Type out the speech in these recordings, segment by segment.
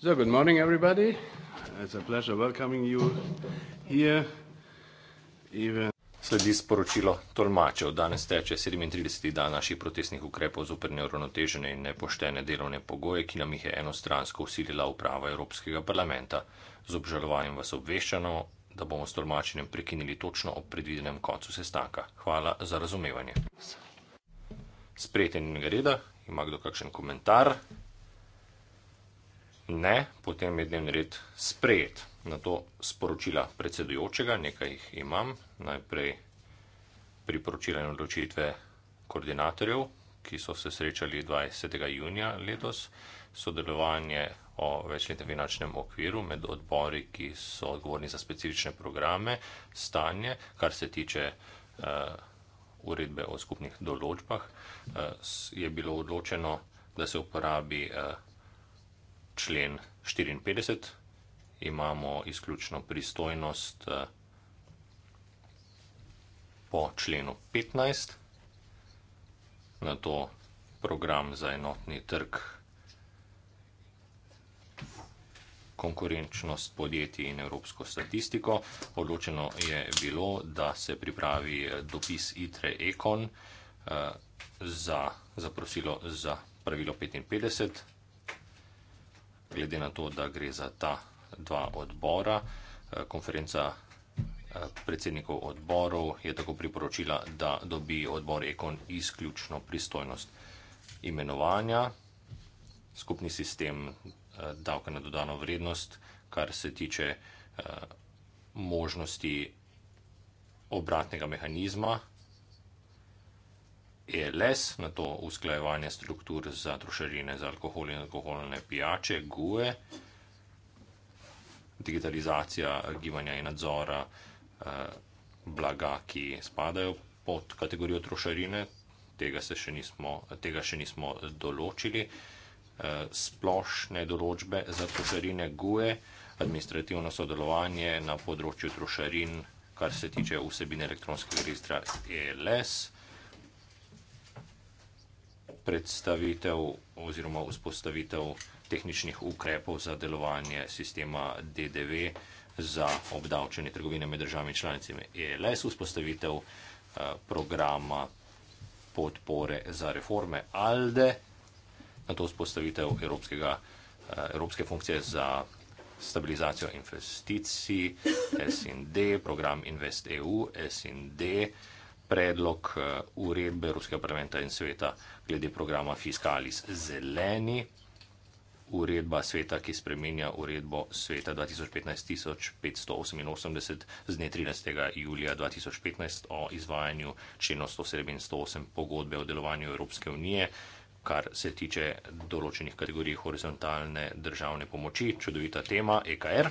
Good morning, everybody. It's a pleasure welcoming you here, even- Sledi sporočilo tolmačev. Danes teče 37. dan naših protestnih ukrepov zoper neuravnotežene in nepoštene delovne pogoje, ki nam jih je enostransko vsilila uprava Evropskega parlamenta. Z obžalovanjem vas obveščamo, da bomo s tolmačenjem prekinili točno ob predvidenem koncu sestanka. Hvala za razumevanje. Sprejeti je dnevni red. Ima kdo kakšen komentar? ne, potem je dnevni red sprejet. Na to sporočila predsedujočega, nekaj jih imam. Najprej priporočila in odločitve koordinatorjev, ki so se srečali 20. junija letos, sodelovanje o večletnem finančnem okviru med odbori, ki so odgovorni za specifične programe, stanje, kar se tiče uh, uredbe o skupnih določbah, uh, je bilo odločeno, da se uporabi. Uh, člen 54, imamo izključno pristojnost eh, po členu 15, na to program za enotni trg, konkurenčnost podjetij in evropsko statistiko. Odločeno je bilo, da se pripravi eh, dopis ITRE Econ eh, za zaprosilo za pravilo 55 glede na to, da gre za ta dva odbora. Eh, konferenca eh, predsednikov odborov je tako priporočila, da dobi odbor Ekon izključno pristojnost imenovanja. Skupni sistem eh, davka na dodano vrednost, kar se tiče možnosti obratnega mehanizma, ELS, na to usklajevanje struktur za trošarine za alkohol in alkoholne pijače, GUE, digitalizacija gibanja in nadzora eh, blaga, ki spadajo pod kategorijo trošarine, tega, še nismo, tega še nismo določili, eh, splošne določbe za trošarine GUE, administrativno sodelovanje na področju trošarin, kar se tiče vsebine elektronskega registra ELS predstavitev oziroma vzpostavitev tehničnih ukrepov za delovanje sistema DDV za obdavčanje trgovine med državami članicami ELS, vzpostavitev eh, programa podpore za reforme ALDE, na to vzpostavitev Evropskega, eh, Evropske funkcije za stabilizacijo investicij, SND, program InvestEU, SND, predlog eh, uredbe Ruskega parlamenta in sveta glede programa Fiskalis zeleni, uredba sveta, ki spremenja uredbo sveta 2015-1588 z dne 13. julija 2015 o izvajanju členov 107 in 108 pogodbe o delovanju Evropske unije, kar se tiče določenih kategorij horizontalne državne pomoči, čudovita tema EKR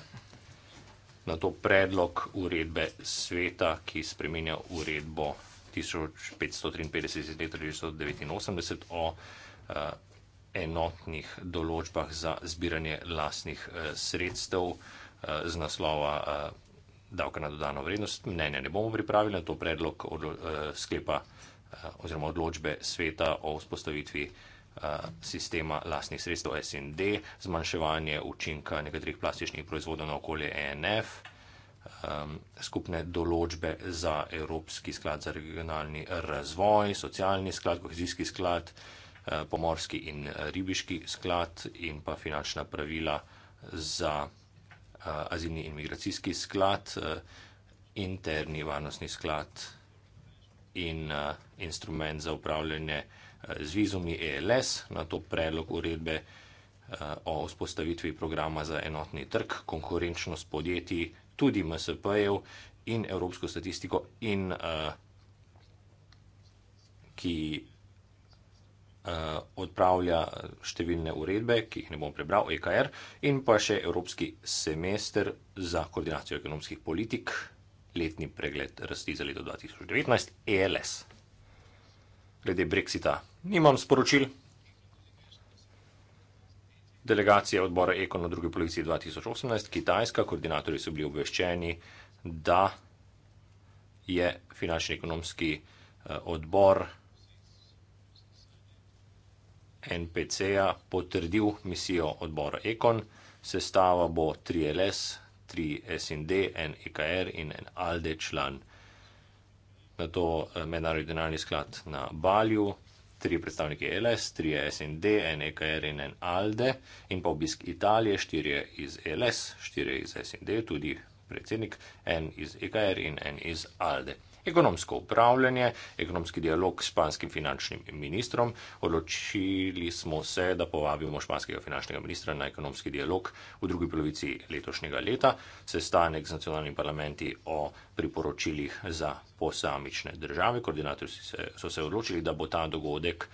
na to predlog uredbe sveta, ki spremenja uredbo 1553 iz leta 1989 o eh, enotnih določbah za zbiranje lastnih eh, sredstev eh, z naslova davka na dodano vrednost. Mnenja ne bomo pripravili na to predlog sklepa oziroma odločbe sveta o vzpostavitvi Eh, sistema lastnih sredstev SND, zmanjševanje učinka nekaterih plastičnih proizvodov na okolje ENF, um, skupne določbe za Evropski sklad za regionalni razvoj, socialni sklad, kohezijski sklad, eh, pomorski in ribiški sklad in pa finančna pravila za eh, azilni in migracijski sklad, interni varnostni sklad in uh, instrument za upravljanje uh, z vizumi ELS, na to predlog uredbe eh, o vzpostavitvi programa za enotni trg, konkurenčnost podjetij, tudi MSP-jev in evropsko statistiko, in eh, ki eh, odpravlja številne uredbe, ki jih ne bom prebral, EKR, in pa še Evropski semester za koordinacijo ekonomskih politik, letni pregled rasti za leto 2019, ELS glede Brexita. Nimam sporočil. Delegacija odbora Ekon v drugi polovici 2018, kitajska, koordinatorji so bili obveščeni, da je finančni ekonomski eh, odbor NPC-ja potrdil misijo odbora Ekon. Sestava bo 3LS, 3SND, NEKR in NALDE član na to eh, mednarodni denarni sklad na Balju, tri predstavniki LS, tri SND, en EKR in en ALDE in pa obisk Italije, štiri iz LS, štiri iz SND, tudi predsednik, en iz EKR in en iz ALDE ekonomsko upravljanje, ekonomski dialog s španskim finančnim ministrom. Odločili smo se, da povabimo španskega finančnega ministra na ekonomski dialog v drugi polovici letošnjega leta, sestanek z nacionalnimi parlamenti o priporočilih za posamične države. Koordinatorji so se odločili, da bo ta dogodek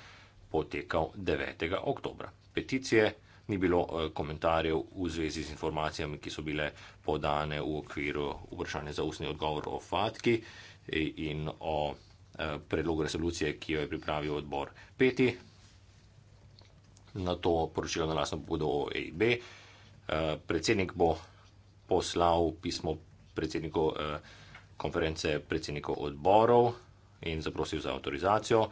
potekal 9. oktober. Peticije. Ni bilo eh, komentarjev v zvezi z informacijami, ki so bile podane v okviru vprašanja za ustni odgovor o fatki in o eh, predlogu resolucije, ki jo je pripravil odbor peti, na to poročilo na lasno pobudo OEIB. Eh, predsednik bo poslal pismo predsedniku eh, konference predsednikov odborov in zaprosil za avtorizacijo.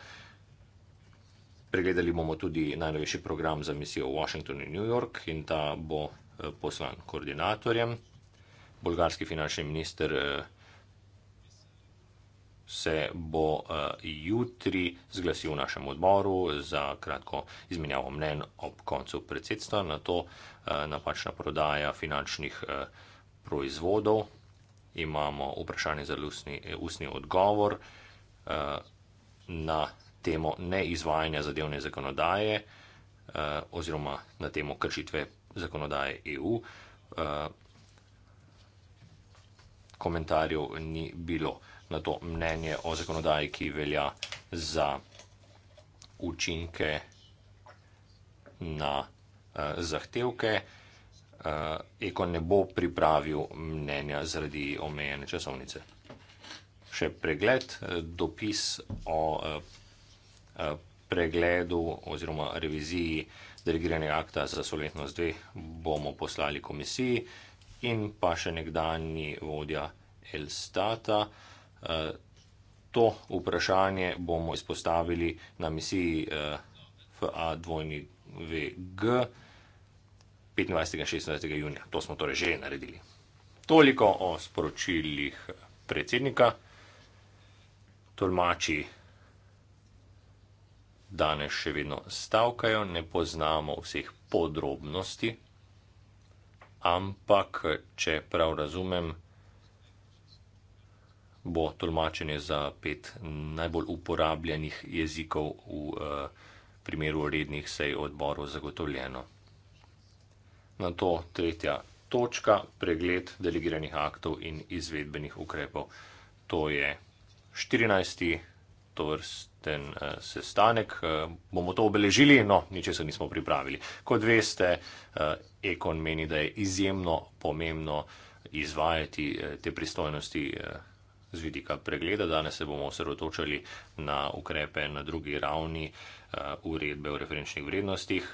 Pregledali bomo tudi najnovejši program za misijo v Washington in New York in ta bo poslan koordinatorjem. Bolgarski finančni minister eh, se bo eh, jutri zglasil v našem odboru za kratko izmenjavo mnen ob koncu predsedstva na to eh, napačna prodaja finančnih eh, proizvodov. Imamo vprašanje za lusni, usni odgovor na temo neizvajanja zadevne zakonodaje oziroma na temo kršitve zakonodaje EU. Komentarjev ni bilo na to mnenje o zakonodaji, ki velja za učinke na uh, zahtevke. Uh, Eko ne bo pripravil mnenja zaradi omejene časovnice. Še pregled, eh, dopis o pregledu oziroma reviziji delegiranega akta za solidnost 2 bomo poslali komisiji in pa še nekdani vodja Elstata. Eh, to vprašanje bomo izpostavili na misiji eh, FA2VG 25.16. junija. To smo torej že naredili. Toliko o sporočilih predsednika, tolmači danes še vedno stavkajo, ne poznamo vseh podrobnosti, ampak če prav razumem, bo tolmačenje za pet najbolj uporabljenih jezikov v eh, primeru rednih sej odborov zagotovljeno. Na to tretja točka, pregled delegiranih aktov in izvedbenih ukrepov. To je 14. tovrsten eh, sestanek. Eh, bomo to obeležili, no, niče se nismo pripravili. Kot veste, Ekon meni, da je izjemno pomembno izvajati te pristojnosti z vidika pregleda. Danes se bomo osredotočali na ukrepe na drugi ravni eh, uredbe o referenčnih vrednostih.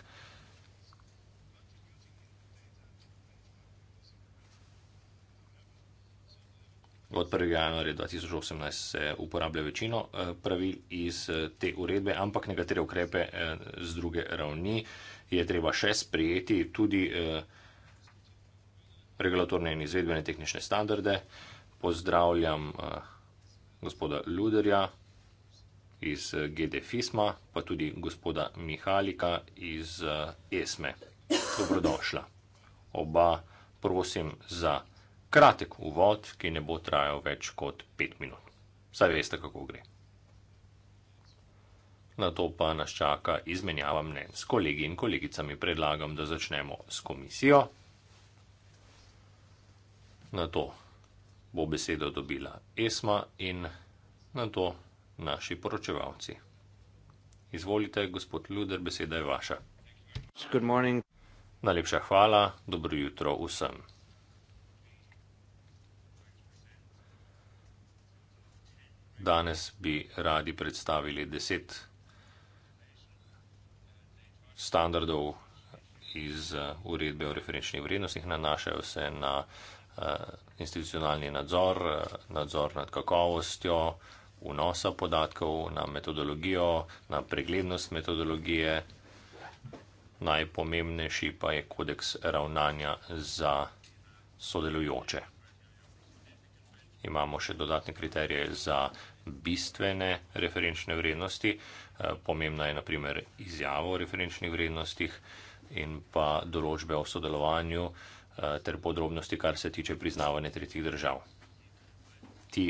Od 1. januarja 2018 se uporablja večino eh, pravil iz eh, te uredbe, ampak nekatere ukrepe z druge ravni je treba še sprijeti, tudi regulatorne in izvedbene tehnične standarde pozdravljam eh, gospoda Luderja iz eh, GD Fisma, pa tudi gospoda Mihalika iz eh, ESME. Dobrodošla. Oba prosim za kratek uvod, ki ne bo trajal več kot pet minut. Saj veste, kako gre. Na to pa nas čaka izmenjava mnen. S kolegi in kolegicami predlagam, da začnemo s komisijo. Na to bo besedo dobila Esma in na to naši poročevalci. Izvolite, gospod Luder, beseda je vaša. Najlepša hvala, dobro jutro vsem. Danes bi radi predstavili deset standardov iz uh, uredbe o referenčnih vrednostih, nanašajo se na Eh, institucionalni nadzor, eh, nadzor nad kakovostjo vnosa podatkov, na metodologijo, na preglednost metodologije. Najpomembnejši pa je kodeks ravnanja za sodelujoče. Imamo še dodatne kriterije za bistvene referenčne vrednosti. Eh, pomembna je naprimer izjava o referenčnih vrednostih in pa določbe o sodelovanju. Eh, ter podrobnosti, kar se tiče priznavanja tretjih držav. Ti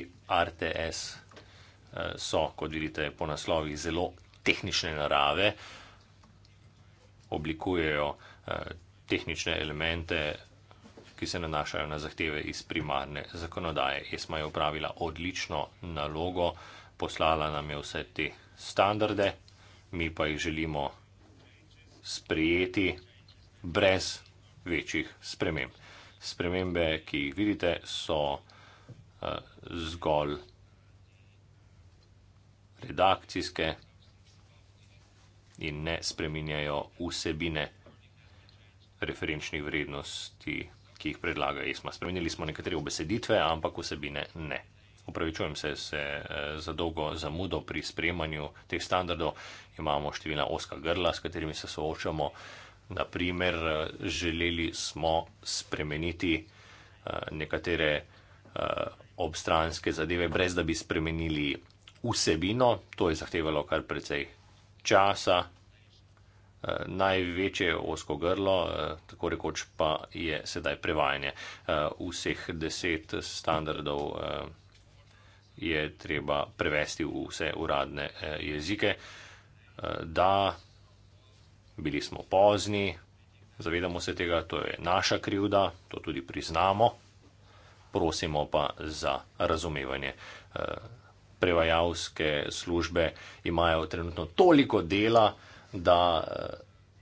RTS eh, so, kot vidite, po naslovih zelo tehnične narave, oblikujejo eh, tehnične elemente, ki se nanašajo na zahteve iz primarne zakonodaje. ESMA je upravila odlično nalogo, poslala nam je vse te standarde, mi pa jih želimo sprejeti brez večjih sprememb. Spremembe, ki jih vidite, so uh, zgolj redakcijske in ne spreminjajo vsebine referenčnih vrednosti, ki jih predlaga ESMA. Spremenili smo nekatere obeseditve, ampak vsebine ne. Upravičujem se, se eh, za dolgo zamudo pri spremanju teh standardov. Imamo številna oska grla, s katerimi se soočamo. Uh, Naprimer, eh, želeli smo spremeniti eh, nekatere eh, obstranske zadeve, brez da bi spremenili vsebino. To je zahtevalo kar precej časa. Največje osko grlo, tako rekoč, pa je sedaj prevajanje. Vseh deset standardov je treba prevesti v vse uradne jezike. Da bili smo pozni, zavedamo se tega, to je naša krivda, to tudi priznamo, prosimo pa za razumevanje. Eh, prevajalske službe imajo trenutno toliko dela, da eh,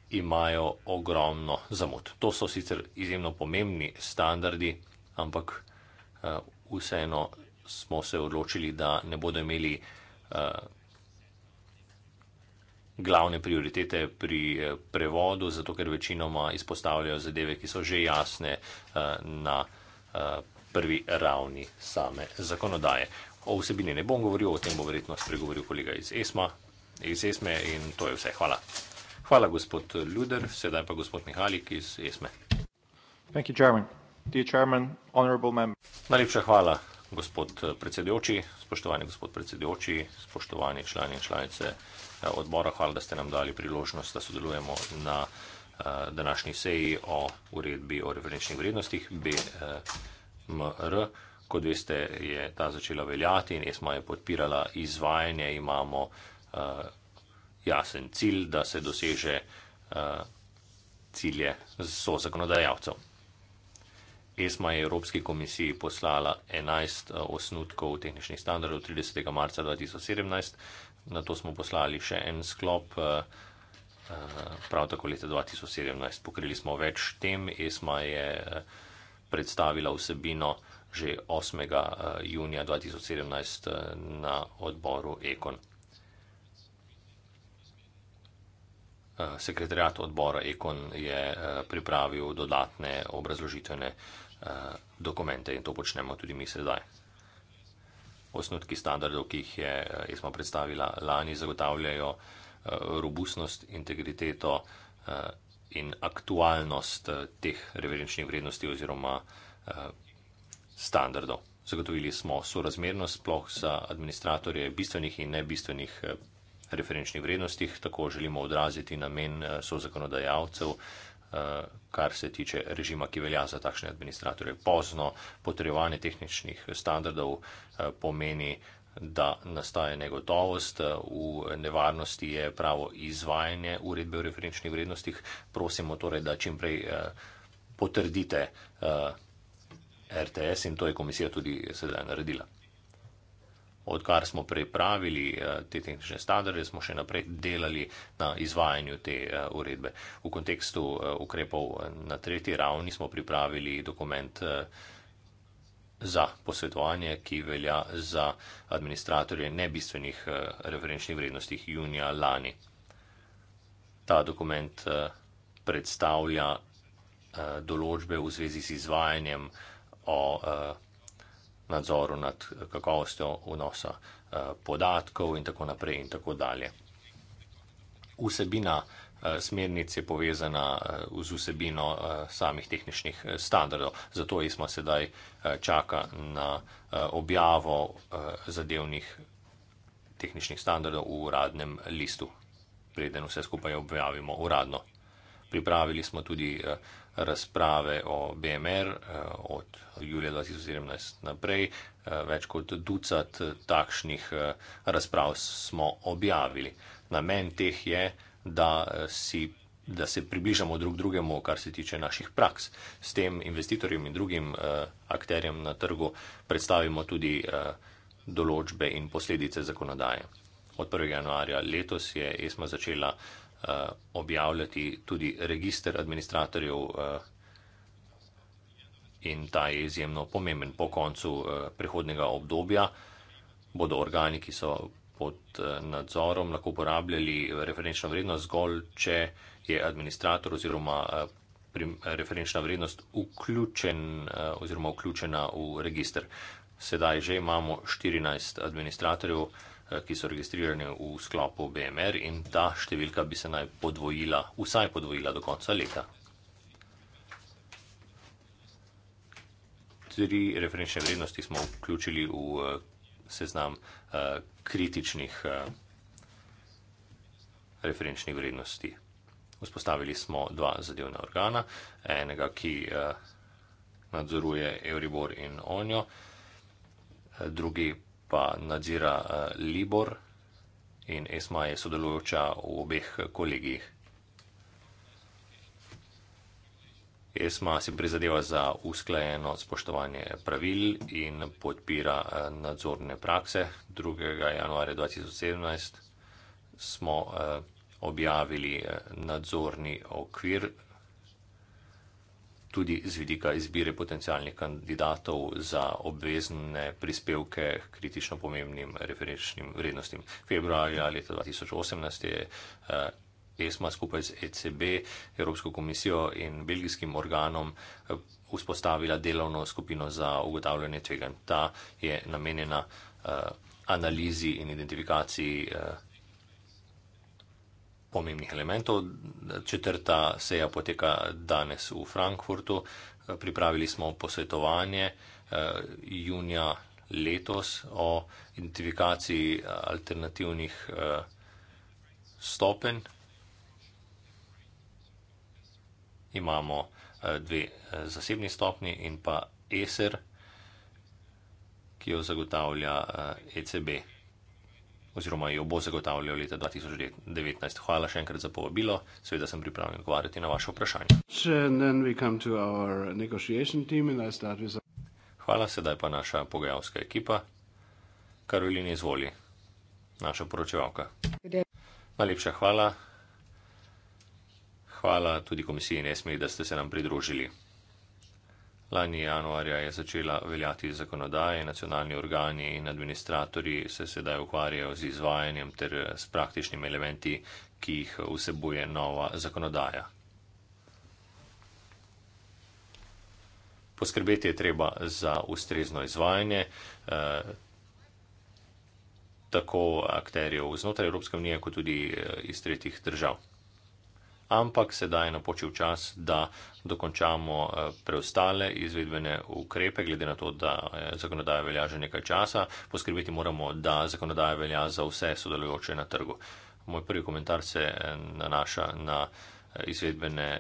imajo ogromno zamud. To so sicer izjemno pomembni standardi, ampak eh, vseeno smo se odločili, da ne bodo imeli glavne prioritete pri eh, prevodu, zato ker večinoma izpostavljajo zadeve, ki so že jasne eh, na eh, prvi ravni same zakonodaje. O vsebini ne bom govoril, o tem bo verjetno spregovoril kolega iz, ESMA, iz ESME in to je vse. Hvala. Hvala, gospod Luder, sedaj pa gospod Mihalik iz ESME. Thank you, Chairman. Dear Chairman, honorable members. Najlepša hvala, gospod eh, predsedujoči, spoštovani gospod predsedujoči, spoštovani člani in članice eh, odbora, hvala, da ste nam dali priložnost, da sodelujemo na eh, današnji seji o uredbi o referenčnih vrednostih BMR. Kot veste, je ta začela veljati in ESMA je podpirala izvajanje. Imamo jasen cilj, da se doseže cilje so zakonodajalcev. ESMA je Evropski komisiji poslala 11 eh, osnutkov tehničnih standardov 30. marca 2017, na to smo poslali še en sklop, eh, eh, prav tako leta 2017. Pokrili smo več tem, ESMA je predstavila vsebino že 8. junija 2017 na odboru EKON. Sekretariat odbora EKON je pripravil dodatne obrazložitvene informacije. Eh, dokumente in to počnemo tudi mi sedaj. Osnotki standardov, ki jih je ESMA eh, predstavila lani, zagotavljajo eh, robustnost, integriteto in aktualnost teh referenčnih vrednosti oziroma standardov. Zagotovili smo sorazmernost sploh za administratorje bistvenih in nebistvenih referenčnih vrednostih, tako želimo odraziti namen sozakonodajalcev Eh, kar se tiče režima, ki velja za takšne administratorje. Pozno potrebovanje tehničnih standardov eh, pomeni, da nastaje negotovost, eh, v nevarnosti je pravo izvajanje uredbe o referenčnih vrednostih. Prosimo torej, da čim prej potrdite RTS in to je komisija tudi sedaj naredila odkar smo pripravili eh, te tehnične standarde, smo še naprej delali na izvajanju te eh, uredbe. V kontekstu eh, ukrepov na tretji ravni smo pripravili dokument za posvetovanje, ki velja za administratorje nebistvenih referenčnih vrednostih junija lani. Ta dokument predstavlja določbe v zvezi z izvajanjem o nadzoru nad eh, kakovostjo vnosa eh, podatkov in tako naprej in tako dalje. Vsebina eh, smernic je povezana z vsebino samih tehničnih standardov, zato jih smo sedaj čaka na objavo zadevnih tehničnih standardov v uradnem listu, preden vse skupaj objavimo uradno. Pripravili smo tudi uh, razprave o BMR eh, od julija 2017 naprej. Eh, več kot ducat takšnih eh, razprav smo objavili. Namen teh je, da, si, da se približamo drug drugemu, kar se tiče naših praks. S tem investitorjem in drugim akterjem na trgu predstavimo tudi določbe in posledice zakonodaje. Od 1. januarja letos je ESMA začela uh, Eh, objavljati tudi registr administratorjev eh, in ta je izjemno pomemben. Po koncu eh, prehodnega obdobja bodo organi, ki so pod nadzorom, lahko uporabljali referenčno vrednost zgolj, če je administrator oziroma referenčna vrednost vključen oziroma vključena v registr. Sedaj že imamo 14 administratorjev. Eh, ki so registrirane v sklopu BMR in ta številka bi se naj podvojila, vsaj podvojila do konca leta. Tri referenčne vrednosti smo vključili v eh, seznam eh, kritičnih referenčnih vrednosti. Vzpostavili smo dva zadevna organa, enega, ki nadzoruje Euribor in Onjo, drugi pa nadzira eh, Libor in Esma je sodelujoča v obeh kolegijih. Esma si prizadeva za usklajeno spoštovanje pravil in podpira eh, nadzorne prakse. 2. januarja 2017 smo eh, objavili nadzorni okvir tudi z vidika izbire potencijalnih kandidatov za obvezne prispevke k kritično pomembnim referenčnim vrednostim. Februarja leta 2018 je. Eh, ESMA skupaj z ECB, Evropsko komisijo in belgijskim organom eh, vzpostavila delovno skupino za ugotavljanje tveganj. Ta je namenjena uh, analizi in identifikaciji uh, pomembnih elementov. Četrta seja poteka danes v Frankfurtu. Pripravili smo posvetovanje eh, junija letos o identifikaciji alternativnih eh, stopenj. Imamo eh, dve zasebni stopni in pa ESER, ki jo zagotavlja ECB. E oziroma jo bo zagotavljal leta 2019. Hvala še enkrat za povabilo, seveda sem pripravljen odgovarjati na vaše vprašanje. Hvala, sedaj pa naša pogajalska ekipa. Karolina izvoli, naša poročevalka. Najlepša hvala. Hvala tudi komisiji Nesmi, da ste se nam pridružili. Lani januarja je začela veljati zakonodaje, nacionalni organi in administratori se sedaj ukvarjajo z izvajanjem ter s praktičnimi elementi, ki jih vsebuje nova zakonodaja. Poskrbeti je treba za ustrezno izvajanje eh, tako akterjev znotraj Evropske unije, kot tudi eh, iz tretjih držav ampak sedaj je napočil čas, da dokončamo eh, preostale izvedbene ukrepe, glede na to, da eh, zakonodaja velja že nekaj časa. Poskrbeti moramo, da zakonodaja velja za vse sodelujoče na trgu. Moj prvi komentar se eh, nanaša na izvedbene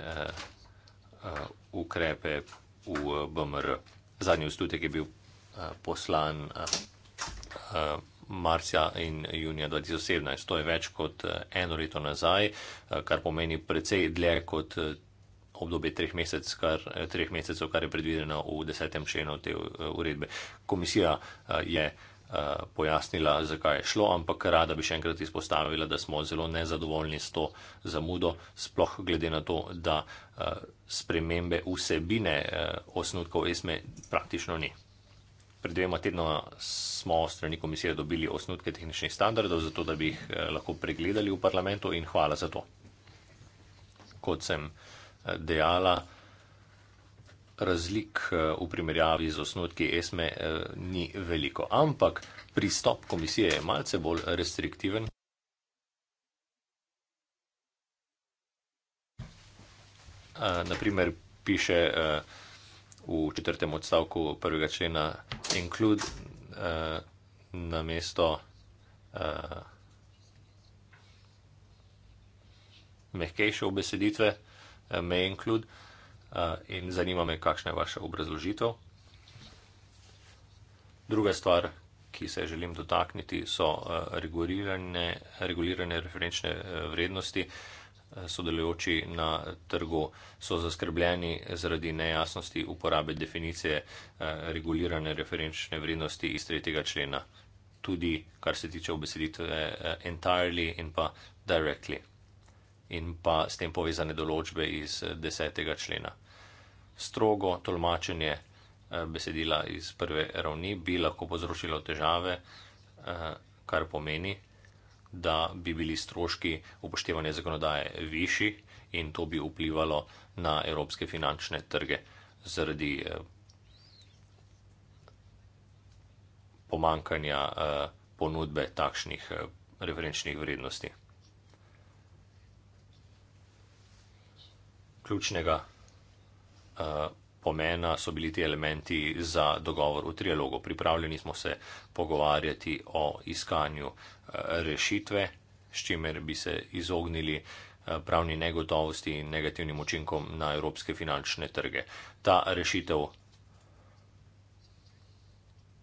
ukrepe v BMR. Zadnji ustutek je bil poslan marca in junija 2017. To je več kot eh, eno leto nazaj, eh, kar pomeni precej dlje kot eh, obdobje treh, mesec, kar, treh mesecev, kar je predvideno v desetem členu te uredbe. Komisija je pojasnila, zakaj je šlo, ampak rada bi še enkrat izpostavila, da smo zelo nezadovoljni s to zamudo, sploh glede na to, da spremembe vsebine osnutkov esme praktično ni. Pred dvema tednoma smo strani komisije dobili osnutke tehničnih standardov, zato da bi jih eh, lahko pregledali v parlamentu in hvala za to. Kot sem eh, dejala, razlik eh, v primerjavi z osnutki ESME ni veliko, ampak pristop komisije je malce bolj restriktiven. Naprimer, piše uh, v četrtem odstavku prvega člena include uh, eh, na mesto uh, eh, mehkejše obeseditve, uh, eh, me include, uh, in zanima me, kakšna je vaša obrazložitev. Druga stvar, ki se želim dotakniti, so uh, regulirane, regulirane referenčne uh, vrednosti. Uh, sodelujoči na trgu so zaskrbljeni zaradi nejasnosti uporabe definicije eh, regulirane referenčne vrednosti iz tretjega člena, tudi kar se tiče obeseditve eh, entirely in pa directly in pa s tem povezane določbe iz eh, desetega člena. Strogo tolmačenje besedila iz prve ravni bi lahko povzročilo težave, kar pomeni, da bi bili stroški upoštevanja zakonodaje višji in to bi vplivalo na evropske finančne trge zaradi eh, pomankanja eh, ponudbe takšnih eh, referenčnih vrednosti. Ključnega pomena so bili ti elementi za dogovor v trialogu. Pripravljeni smo se pogovarjati o iskanju eh, rešitve, s čimer bi se izognili eh, pravni negotovosti in negativnim učinkom na evropske finančne trge. Ta rešitev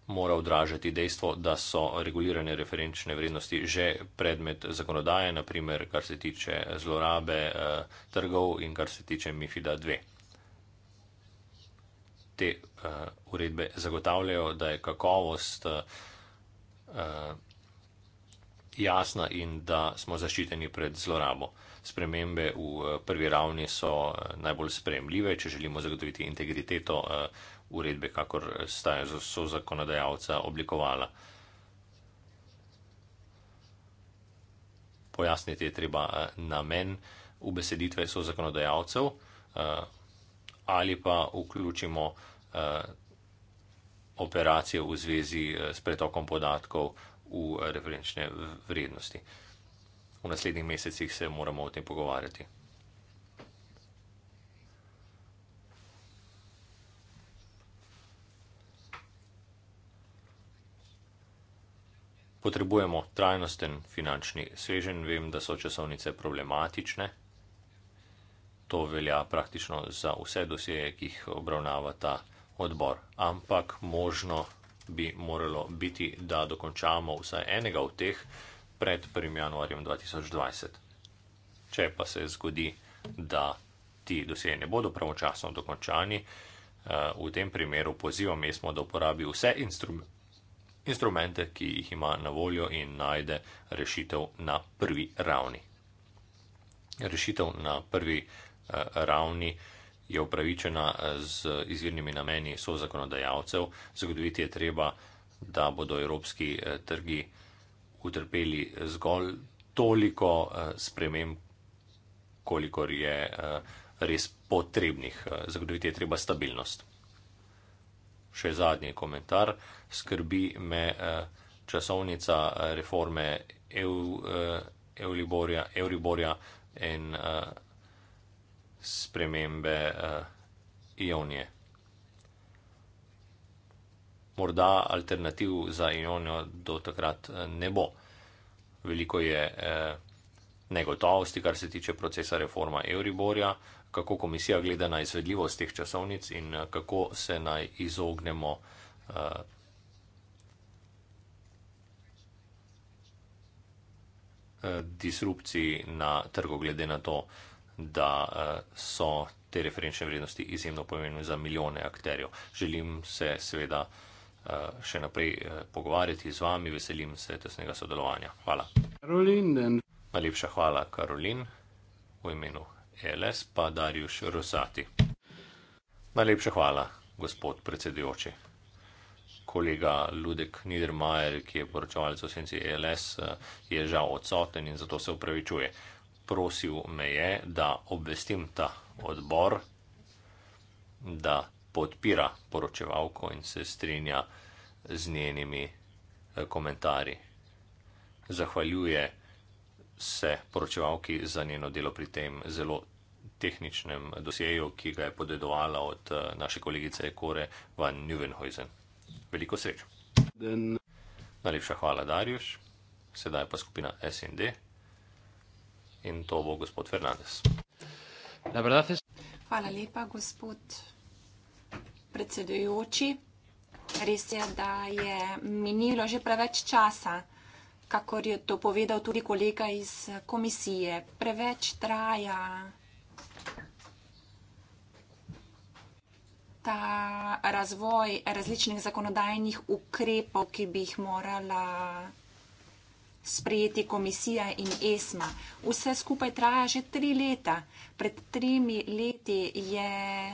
mora odražati dejstvo, da so regulirane referenčne vrednosti že predmet zakonodaje, naprimer kar se tiče zlorabe eh, trgov in kar se tiče MIFID-a 2 te uh, uredbe zagotavljajo, da je kakovost uh, jasna in da smo zaščiteni pred zlorabo. Spremembe v prvi ravni so najbolj spremljive, če želimo zagotoviti integriteto uh, uredbe, kakor sta jo so zakonodajalca oblikovala. Pojasniti je treba namen ubeseditve so zakonodajalcev. Uh, ali pa vključimo eh, operacije v zvezi eh, s pretokom podatkov v eh, referenčne vrednosti. V naslednjih mesecih se moramo o tem pogovarjati. Potrebujemo trajnosten finančni svežen, vem, da so časovnice problematične to velja praktično za vse dosjeje, ki jih obravnava ta odbor. Ampak možno bi moralo biti, da dokončamo vsaj enega od teh pred 1. januarjem 2020. Če pa se zgodi, da ti dosjeje ne bodo pravočasno dokončani, eh, v tem primeru pozivam mesmo, da uporabi vse instru instrumente, ki jih ima na voljo in najde rešitev na prvi ravni. Rešitev na prvi Eh, ravni je upravičena eh, z izvirnimi nameni so zakonodajalcev. Zagotoviti je treba, da bodo evropski eh, trgi utrpeli zgolj toliko sprememb, kolikor je res potrebnih. Zagotoviti je treba stabilnost. Še zadnji komentar. Skrbi me časovnica reforme EU, Euriborja, Euriborja in spremembe uh, eh, ionije. Morda alternativ za ionijo do takrat eh, ne bo. Veliko je uh, negotovosti, kar se tiče procesa reforma Euriborja, kako komisija gleda na izvedljivost teh časovnic in kako se naj izognemo. Uh, Disrupciji na trgu, glede na to, uh, da eh, so te referenčne vrednosti izjemno pomembne za milijone akterjev. Želim se seveda eh, še naprej eh, pogovarjati z vami, veselim se tesnega sodelovanja. Hvala. Najlepša hvala, Karolin, v imenu e LS pa Darjuš Rosati. Najlepša hvala, gospod predsedujoči. Kolega Ludek Niedermayer, ki je poročevalec o senci e LS, je žal odsoten in zato se upravičuje prosil me je, da obvestim ta odbor, da podpira poročevalko in se strinja z njenimi eh, komentarji. Zahvaljuje se poročevalki za njeno delo pri tem zelo tehničnem dosjeju, ki ga je podedovala od eh, naše kolegice Ekore van Nuvenhuizen. Veliko srečo. Najlepša hvala, Darius. Sedaj pa skupina SND in to bo gospod Fernandez. Is... Hvala lepa, gospod predsedujoči. Res je, da je minilo že preveč časa, kakor je to povedal tudi kolega iz komisije. Preveč traja ta razvoj različnih zakonodajnih ukrepov, ki bi jih morala sprejeti komisija in ESMA. Vse skupaj traja že tri leta. Pred tremi leti je,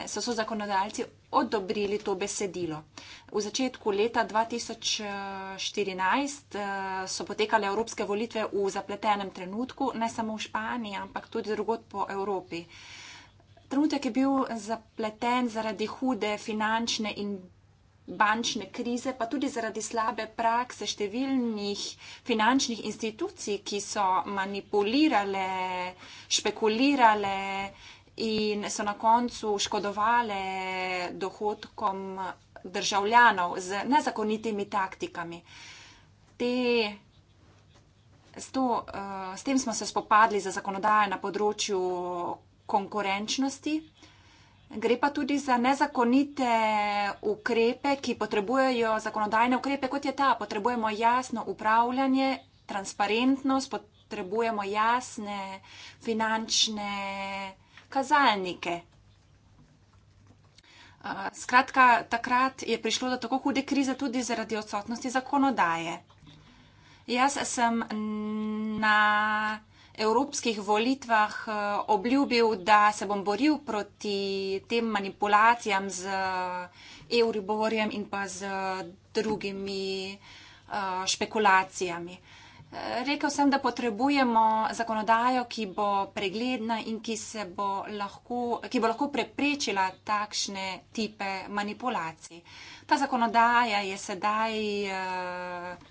so, so zakonodajalci odobrili to besedilo. V začetku leta 2014 eh, eh, so potekale evropske volitve v zapletenem trenutku, ne samo v Španiji, ampak tudi drugot po Evropi. Trenutek je bil zapleten zaradi hude finančne in bančne krize, pa tudi zaradi slabe prakse številnih finančnih institucij, ki so manipulirale, špekulirale in so na koncu škodovale dohodkom državljanov z nezakonitimi taktikami. Te, s, to, eh, s tem smo se spopadli za zakonodaje na področju konkurenčnosti. Gre pa tudi za nezakonite ukrepe, ki potrebujejo zakonodajne ukrepe, kot je ta. Potrebujemo jasno upravljanje, transparentnost, potrebujemo jasne finančne kazalnike. Skratka, takrat je prišlo do tako hude krize tudi zaradi odsotnosti zakonodaje. Jaz sem na evropskih volitvah eh, obljubil, da se bom boril proti tem manipulacijam z eh, Euriborjem in pa z eh, drugimi špekulacijami. Rekel sem, da potrebujemo zakonodajo, ki bo pregledna in ki, bo lahko, ki bo lahko preprečila takšne type manipulacij. Ta zakonodaja je sedaj uh,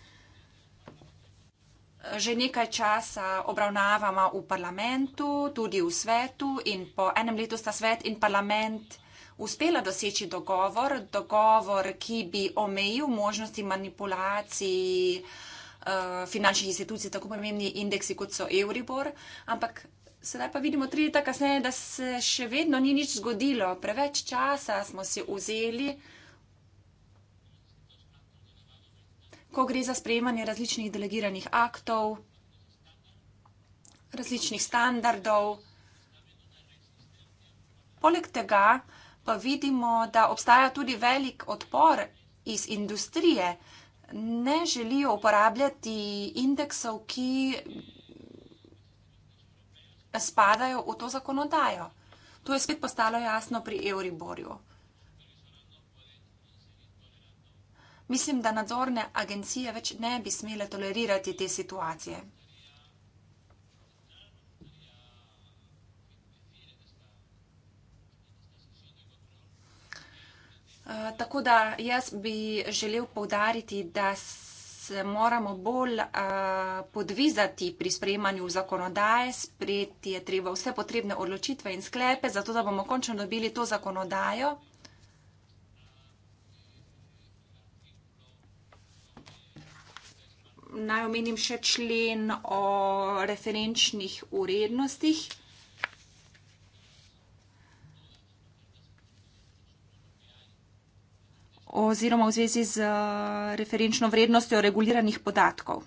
že nekaj časa obravnavamo v parlamentu, tudi v svetu in po enem letu sta svet in parlament uspela doseči dogovor, dogovor, ki bi omejil možnosti manipulacij eh, finančnih institucij, tako pomembni indeksi, kot so Euribor, ampak sedaj pa vidimo tri leta kasneje, da se še vedno ni nič zgodilo. Preveč časa smo si vzeli, ko gre za sprejemanje različnih delegiranih aktov, različnih standardov. Poleg tega pa vidimo, da obstaja tudi velik odpor iz industrije. Ne želijo uporabljati indeksov, ki spadajo v to zakonodajo. To je spet postalo jasno pri Euriborju. Mislim, da nadzorne agencije več ne bi smele tolerirati te situacije. Eh, tako da jaz bi želel povdariti, da se moramo bolj eh, podvizati pri sprejemanju zakonodaje, sprejeti je treba vse potrebne odločitve in sklepe, zato da bomo končno dobili to zakonodajo. naj omenim še člen o referenčnih urednostih. oziroma v zvezi z eh, referenčno vrednostjo reguliranih podatkov.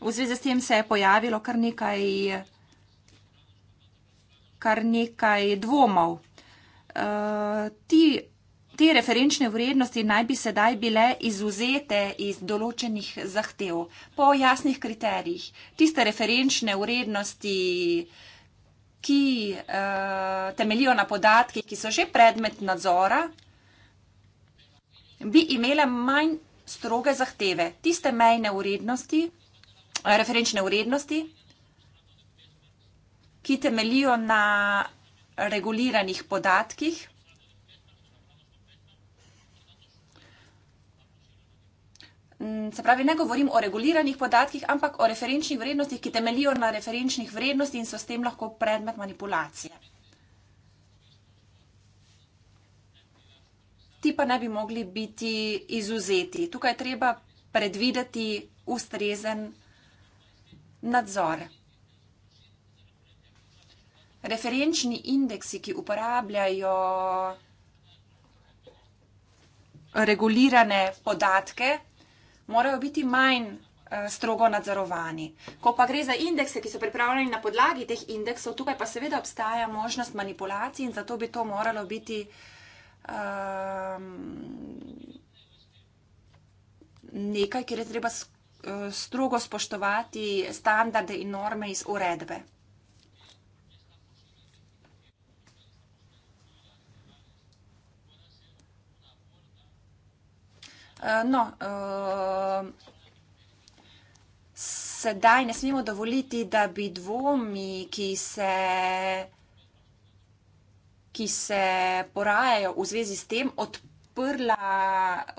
V zvezi s tem se je pojavilo kar nekaj, kar nekaj dvomov. Eh, ti te referenčne vrednosti naj bi sedaj bile izuzete iz določenih zahtev po jasnih kriterijih. Tiste referenčne vrednosti, ki uh, eh, temelijo na podatkih, ki so že predmet nadzora, bi imele manj stroge zahteve. Tiste mejne vrednosti, eh, referenčne vrednosti, ki temelijo na reguliranih podatkih, Mm, se pravi, ne govorim o reguliranih podatkih, ampak o referenčnih vrednostih, ki temelijo na referenčnih vrednostih in so s tem lahko predmet manipulacije. Ti pa ne bi mogli biti izuzeti. Tukaj je treba predvideti ustrezen nadzor. Referenčni indeksi, ki uporabljajo regulirane podatke, morajo biti manj eh, strogo nadzorovani. Ko pa gre za indekse, ki so pripravljeni na podlagi teh indeksov, tukaj pa seveda obstaja možnost manipulacij in zato bi to moralo biti um, nekaj, kjer je treba eh, strogo spoštovati standarde in norme iz uredbe. Eh, no, eh, sedaj ne smemo dovoliti, da bi dvomi, ki se, ki se porajajo v zvezi s tem, odprla,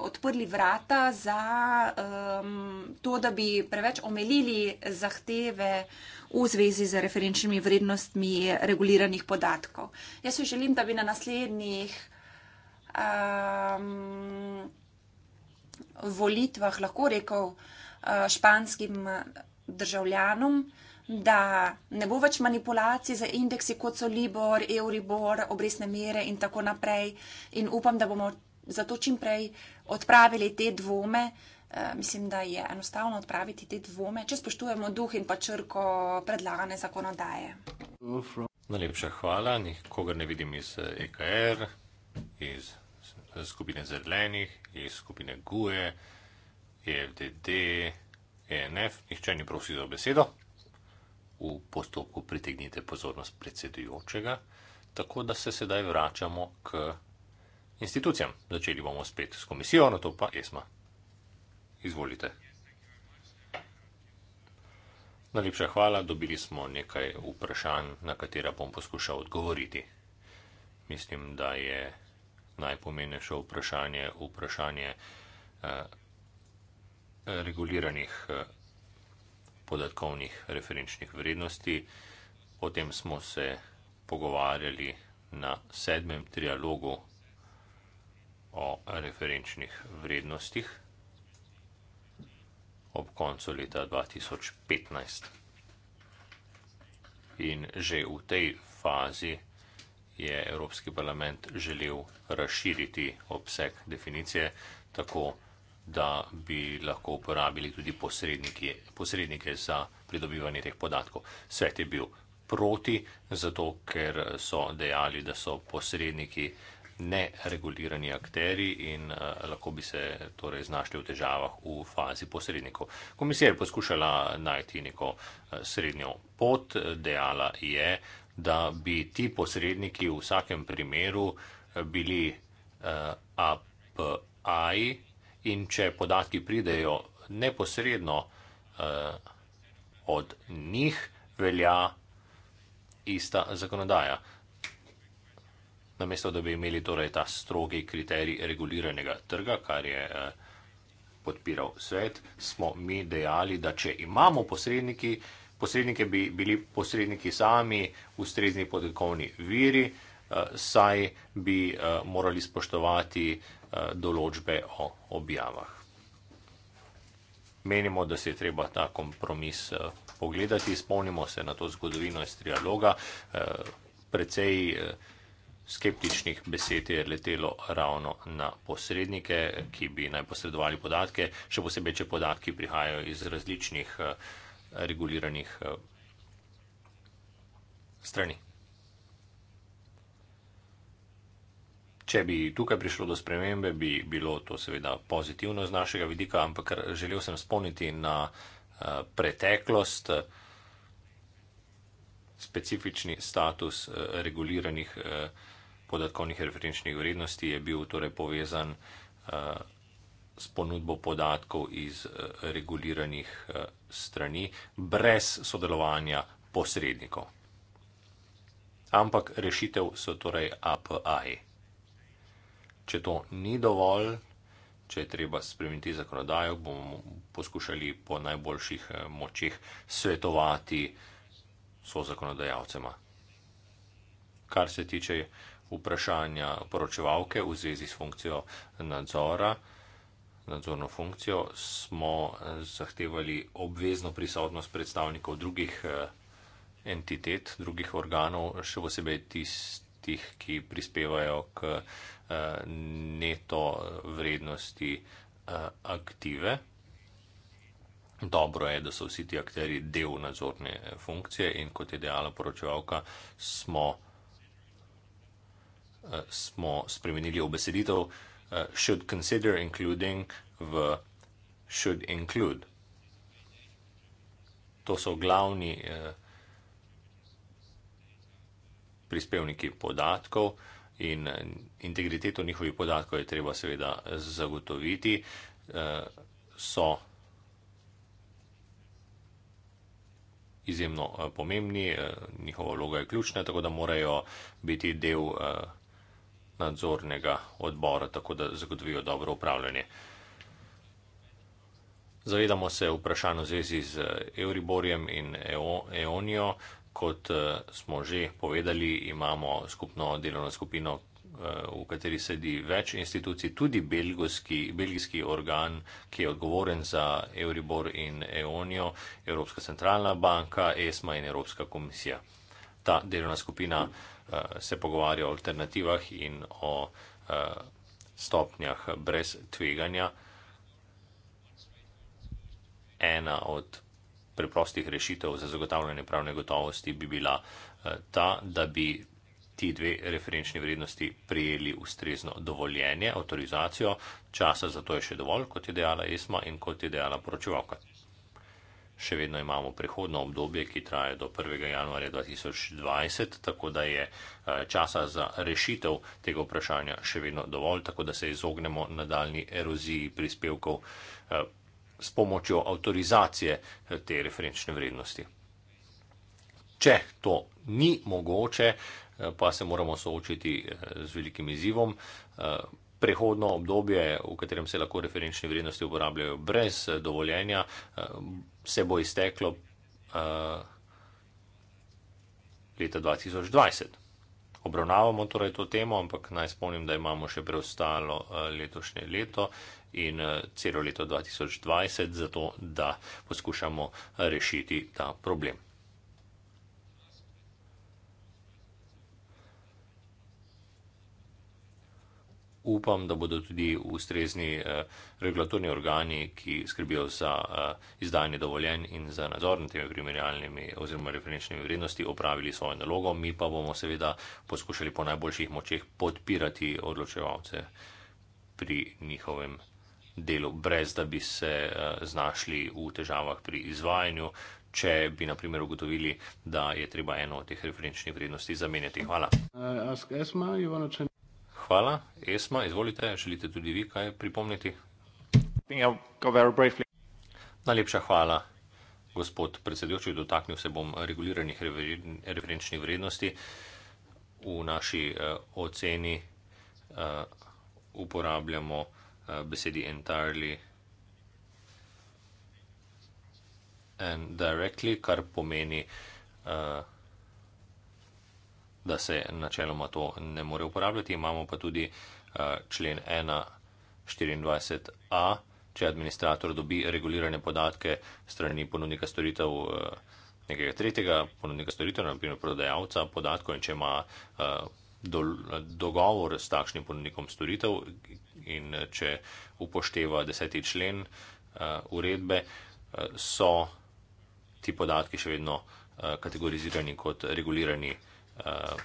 odprli vrata za um, to, da bi preveč omelili zahteve v zvezi z referenčnimi vrednostmi reguliranih podatkov. Jaz si želim, da bi na naslednjih. Um, volitvah lahko rekel eh, španskim eh, državljanom, da ne bo več manipulacij za indeksi, kot so Libor, Euribor, obresne mere in tako naprej. In upam, da bomo zato čim prej odpravili te dvome. Eh, mislim, da je enostavno odpraviti te dvome, če spoštujemo duh in pa črko predlagane zakonodaje. Najlepša hvala, nikogar ne vidim iz EKR, e iz skupine zelenih, iz skupine GUE, ELDD, ENF, nihče ni prosil za besedo. V postopku pritegnite pozornost predsedujočega, tako da se sedaj vračamo k institucijam. Začeli bomo spet s komisijo, na to pa ESMA. Izvolite. Najlepša hvala, dobili smo nekaj vprašanj, na katera bom poskušal odgovoriti. Mislim, da je najpomembnejše vprašanje, vprašanje eh, reguliranih eh, podatkovnih referenčnih vrednosti. O tem smo se pogovarjali na sedmem trialogu o referenčnih vrednostih ob koncu leta 2015. In že v tej fazi je Evropski parlament želel razširiti obseg definicije tako, da bi lahko uporabili tudi posrednike za pridobivanje teh podatkov. Svet je bil proti, zato ker so dejali, da so posredniki neregulirani akteri in uh, lahko bi se torej znašli v težavah v fazi posrednikov. Komisija je poskušala najti neko uh, srednjo pot, dejala je, da bi ti posredniki v vsakem primeru eh, bili uh, eh, API in če podatki pridejo neposredno uh, od njih, velja ista zakonodaja. Namesto, da bi imeli torej ta strogi kriterij reguliranega trga, kar je eh, podpiral svet, smo mi dejali, da če imamo posredniki, eh, posrednike bi bili posredniki sami, ustrezni podatkovni viri, eh, saj bi eh, morali spoštovati eh, določbe o objavah. Menimo, da se je treba ta kompromis pogledati, spomnimo se na to zgodovino iz trialoga, precej skeptičnih besed je letelo ravno na posrednike, ki bi naj posredovali podatke, še posebej, če podatki prihajajo iz različnih uh, reguliranih eh, strani. Če bi tukaj prišlo do spremembe, bi bilo to seveda pozitivno z našega vidika, ampak želel sem spomniti na eh, preteklost, specifični status eh, reguliranih podatkovnih referenčnih vrednosti je bil torej povezan s ponudbo podatkov iz eh, reguliranih eh, strani, brez sodelovanja posrednikov. Ampak rešitev so torej API. E. Če to ni dovolj, če je treba spremeniti zakonodajo, bomo poskušali po najboljših eh, močeh svetovati so zakonodajalcema. Kar se tiče vprašanja poročevalke v zvezi s funkcijo nadzora, nadzorno funkcijo, smo eh, zahtevali obvezno prisotnost predstavnikov drugih eh, entitet, drugih organov, še posebej tistih, ki prispevajo k eh, neto vrednosti aktive. Dobro je, da so vsi ti akteri del nadzorne funkcije in kot je dejala poročevalka, smo, smo spremenili obeseditev. Uh, should consider including v should include. To so glavni uh, prispevniki podatkov in uh, integriteto njihovih podatkov je treba seveda zagotoviti. So izjemno pomembni, njihova vloga je ključna, tako da morajo biti del podatkov nadzornega odbora, tako da zagotovijo dobro upravljanje. Zavedamo se vprašanj v zvezi z Euriborjem in Eonijo. E Kot eh, smo že povedali, imamo skupno delovno skupino, eh, v kateri sedi več institucij, tudi belgijski, belgijski organ, ki je odgovoren za Euribor in Eonijo, Evropska centralna banka, ESMA in Evropska komisija. Ta delovna skupina. Mm. Eh, se pogovarja o alternativah in o eh, stopnjah brez tveganja. Ena od preprostih rešitev za zagotavljanje pravne gotovosti bi bila eh, ta, da bi ti dve referenčni vrednosti prijeli ustrezno dovoljenje, avtorizacijo. Časa za to je še dovolj, kot je dejala ESMA in kot je dejala poročevalka še vedno imamo prihodno obdobje, ki traje do 1. januarja 2020, tako da je eh, časa za rešitev tega vprašanja še vedno dovolj, tako da se izognemo nadaljni eroziji prispevkov eh, s pomočjo avtorizacije eh, te referenčne vrednosti. Če to ni mogoče, pa se moramo soočiti z velikim izzivom prehodno obdobje, v katerem se lahko referenčne vrednosti uporabljajo brez eh, dovoljenja, eh, se bo izteklo eh, leta 2020. Obravnavamo torej to temo, ampak naj spomnim, da imamo še preostalo letošnje leto in celo leto 2020 za to, da poskušamo rešiti ta problem. upam, da bodo tudi ustrezni eh, regulatorni organi, ki skrbijo za eh, izdajanje dovoljen in za nadzor nad temi primerjalnimi oziroma referenčnimi vrednosti, opravili svojo nalogo, mi pa bomo seveda poskušali po najboljših močeh podpirati odločevalce pri njihovem delu, brez da bi se eh, znašli v težavah pri izvajanju, če bi na primer ugotovili, da je treba eno od teh referenčnih vrednosti zamenjati. Hvala. Uh, hvala. Esma, izvolite, želite tudi vi kaj pripomniti? Najlepša hvala, gospod predsedujoči. Dotaknil se bom reguliranih referenčnih vrednosti v naši uh, oceni. Uh, uporabljamo uh, besedi entirely and directly, kar pomeni uh, da se načeloma to ne more uporabljati. Imamo pa tudi eh, člen 1.24a, če administrator dobi regulirane podatke strani ponudnika storitev eh, nekega tretjega ponudnika storitev, naprimer prodajalca podatkov in če ima eh, do, dogovor s takšnim ponudnikom storitev in če upošteva deseti člen uredbe, so ti podatki še vedno kategorizirani kot regulirani podatki. Eh,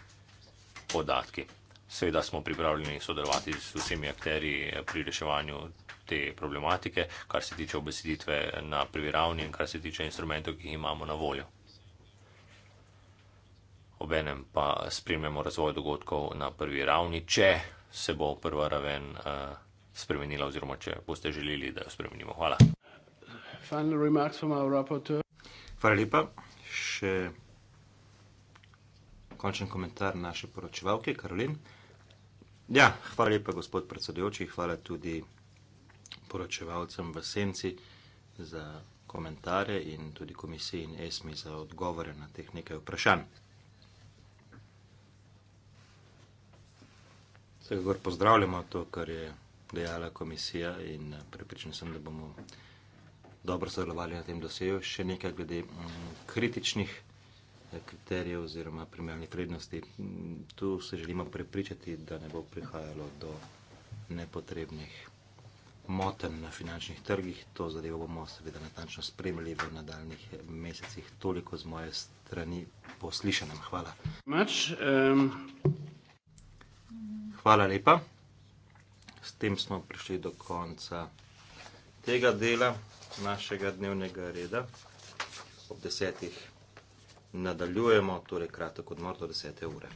podatki. Seveda smo pripravljeni sodelovati z vsemi akteri eh, pri reševanju te problematike, kar se tiče obeseditve na prvi ravni in kar se tiče instrumentov, ki jih imamo na voljo. Obenem pa spremljamo razvoj dogodkov na prvi ravni, če se bo prva raven uh, spremenila oziroma če boste želeli, da jo spremenimo. Hvala. Hvala lepa. Še končen komentar naše poročevalke, Karolin. Ja, hvala lepa, gospod predsedujoči, hvala tudi poročevalcem v Senci za komentare in tudi komisiji in ESMI za odgovore na teh nekaj vprašanj. Vsekakor pozdravljamo to, kar je dejala komisija in prepričan sem, da bomo dobro sodelovali na tem dosegu. Še nekaj glede mm, kritičnih vprašanj kriterijev oziroma primernih vrednosti. Tu se želimo prepričati, da ne bo prihajalo do nepotrebnih moten na finančnih trgih. To zadevo bomo seveda natančno spremljali v nadaljnih mesecih. Toliko z moje strani poslišanem. Hvala. Mač, um... Hvala lepa. S tem smo prišli do konca tega dela našega dnevnega reda ob desetih minutah nadaljujemo, torej kratek odmor do 10. ure.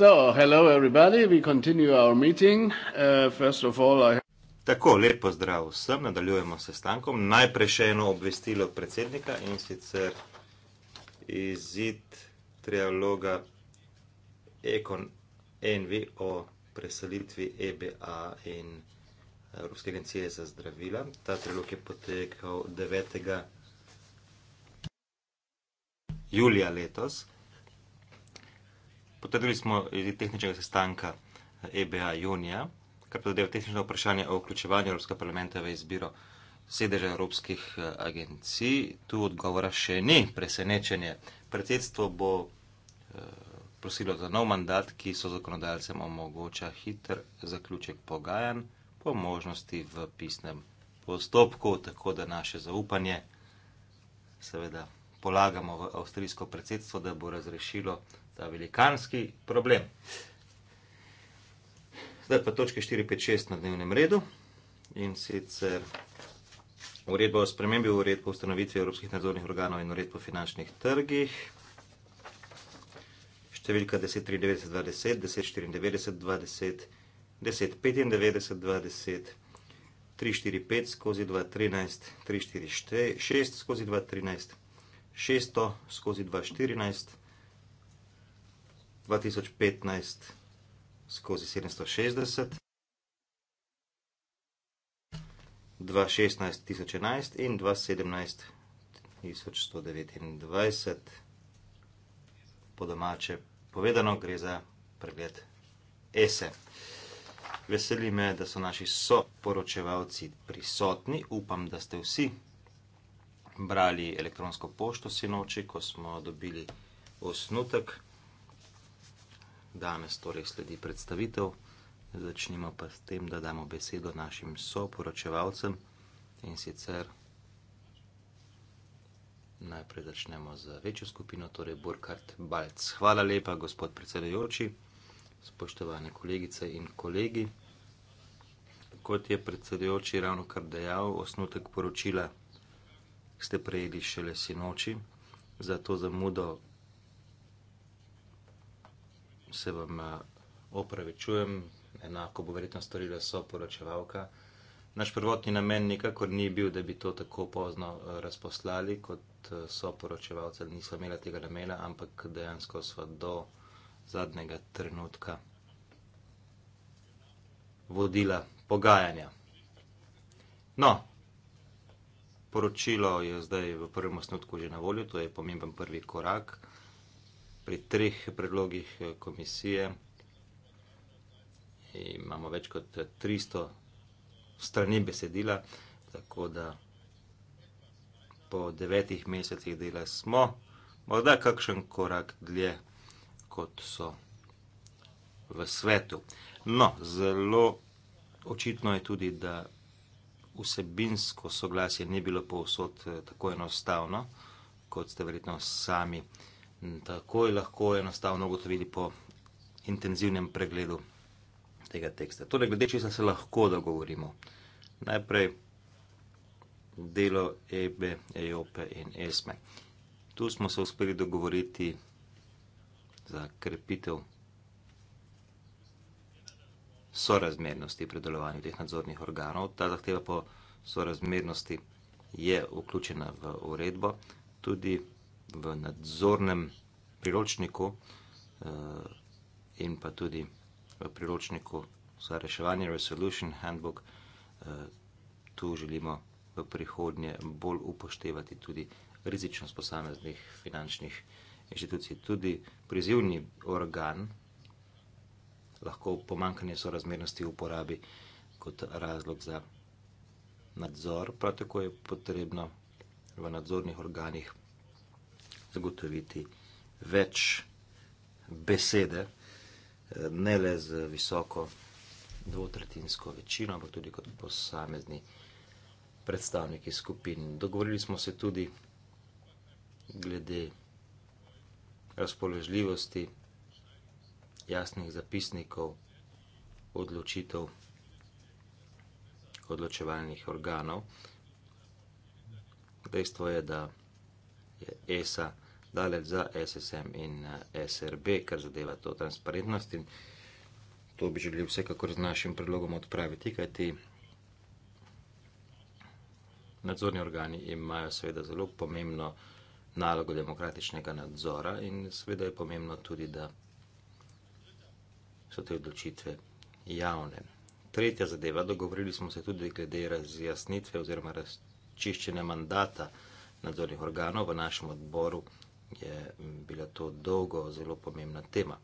So, hello everybody, we continue our meeting. Uh, first of all, I... Tako, lepo zdrav vsem, nadaljujemo se stankom. Najprej še eno obvestilo predsednika in sicer izid trialoga Econ NV o preselitvi EBA in Evropske agencije za zdravila. Ta trialog je potekal 9. julija letos. Potrdili smo iz tehničnega sestanka EBA eh, e junija, kar podeljuje tehnično vprašanje o vključevanju Evropskega parlamenta v izbiro sedeža evropskih eh, agencij. Tu odgovora še ni, presenečenje. Predsedstvo bo eh, prosilo za nov mandat, ki so zakonodajalcem omogoča hiter zaključek pogajanj po možnosti v pisnem postopku, tako da naše zaupanje seveda polagamo v avstrijsko predsedstvo, da bo razrešilo ta velikanski problem. Zdaj pa točke 4, 5, 6 na dnevnem redu in sicer uredba o spremembi, uredba o ustanovitvi evropskih nadzornih organov in uredba o finančnih trgih. Številka 1093, 20, 1094, 20, 1095, 20, 345 skozi 213, 346 skozi 213, 600 skozi 214, 2015 skozi 760, 2016 1011 in 2017 1129. Po domače povedano gre za pregled ESE. Veseli me, da so naši soporočevalci prisotni. Upam, da ste vsi brali elektronsko pošto sinoči, ko smo dobili osnutek danes torej sledi predstavitev. Začnimo pa s tem, da damo besedo našim soporočevalcem in sicer najprej začnemo z večjo skupino, torej Burkhard Balc. Hvala lepa, gospod predsedajoči, spoštovane kolegice in kolegi. Kot je predsedajoči ravno kar dejal, osnutek poročila ste prejeli šele sinoči, zato zamudo se vam eh, opravičujem, enako bo verjetno storila soporočevalka. Naš prvotni namen nikakor ni bil, da bi to tako pozno eh, razposlali kot eh, soporočevalce, da nismo imeli tega namena, ampak dejansko smo do zadnjega trenutka vodila pogajanja. No, poročilo je zdaj v prvem osnutku že na voljo, to je pomemben prvi korak pri treh predlogih eh, komisije imamo več kot 300 eh, strani besedila, tako da po devetih mesecih dela smo morda kakšen korak dlje, kot so v svetu. No, zelo očitno je tudi, da vsebinsko soglasje ni bilo povsod eh, tako enostavno, kot ste verjetno sami vsebili takoj lahko enostavno ugotovili po intenzivnem pregledu tega teksta. Torej, glede česa se lahko dogovorimo. Najprej delo Ebe, Ejope in Esme. E. Tu smo se uspeli dogovoriti za krepitev sorazmernosti pri delovanju teh nadzornih organov. Ta zahteva po sorazmernosti je vključena v uredbo. Tudi v nadzornem priročniku eh, in pa tudi v priročniku za reševanje Resolution Handbook, eh, tu želimo v prihodnje bolj upoštevati tudi rizičnost posameznih finančnih inštitucij. Tudi prizivni organ lahko pomankanje sorazmernosti v uporabi kot razlog za nadzor. Prav tako je potrebno v nadzornih organih zagotoviti več besede, eh, ne le z visoko dvotretinsko večino, ampak tudi kot posamezni predstavniki skupin. Dogovorili smo se tudi glede razpoložljivosti jasnih zapisnikov odločitev odločevalnih organov. Dejstvo je, da ESA dalec za SSM in eh, SRB, kar zadeva to transparentnost in to bi želeli vsekakor z našim predlogom odpraviti, kajti nadzorni organi imajo seveda zelo pomembno nalogo demokratičnega nadzora in seveda je pomembno tudi, da so te odločitve javne. Tretja zadeva, dogovorili smo se tudi glede razjasnitve oziroma razčiščene mandata vsega, nadzornih organov. V našem odboru je bila to dolgo zelo pomembna tema.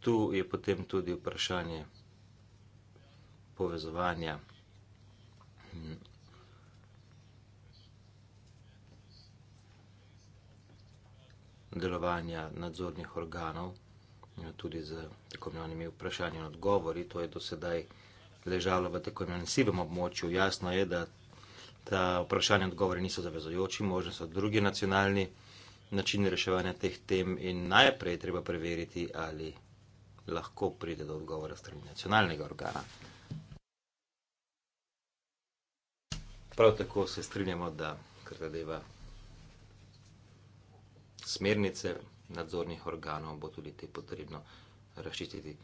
Tu je potem tudi vprašanje povezovanja hm, delovanja nadzornih organov, tudi z tako imenovanimi vprašanji in odgovori. To je do sedaj ležalo v tako imenovanem sivem območju. Jasno je, da ta vprašanja in odgovori niso zavezojoči, možno so drugi nacionalni načini reševanja teh tem in najprej treba preveriti, ali lahko pride do odgovora strani nacionalnega organa. Prav tako se strinjamo, da kar zadeva smernice nadzornih organov, bo tudi te potrebno raščititi.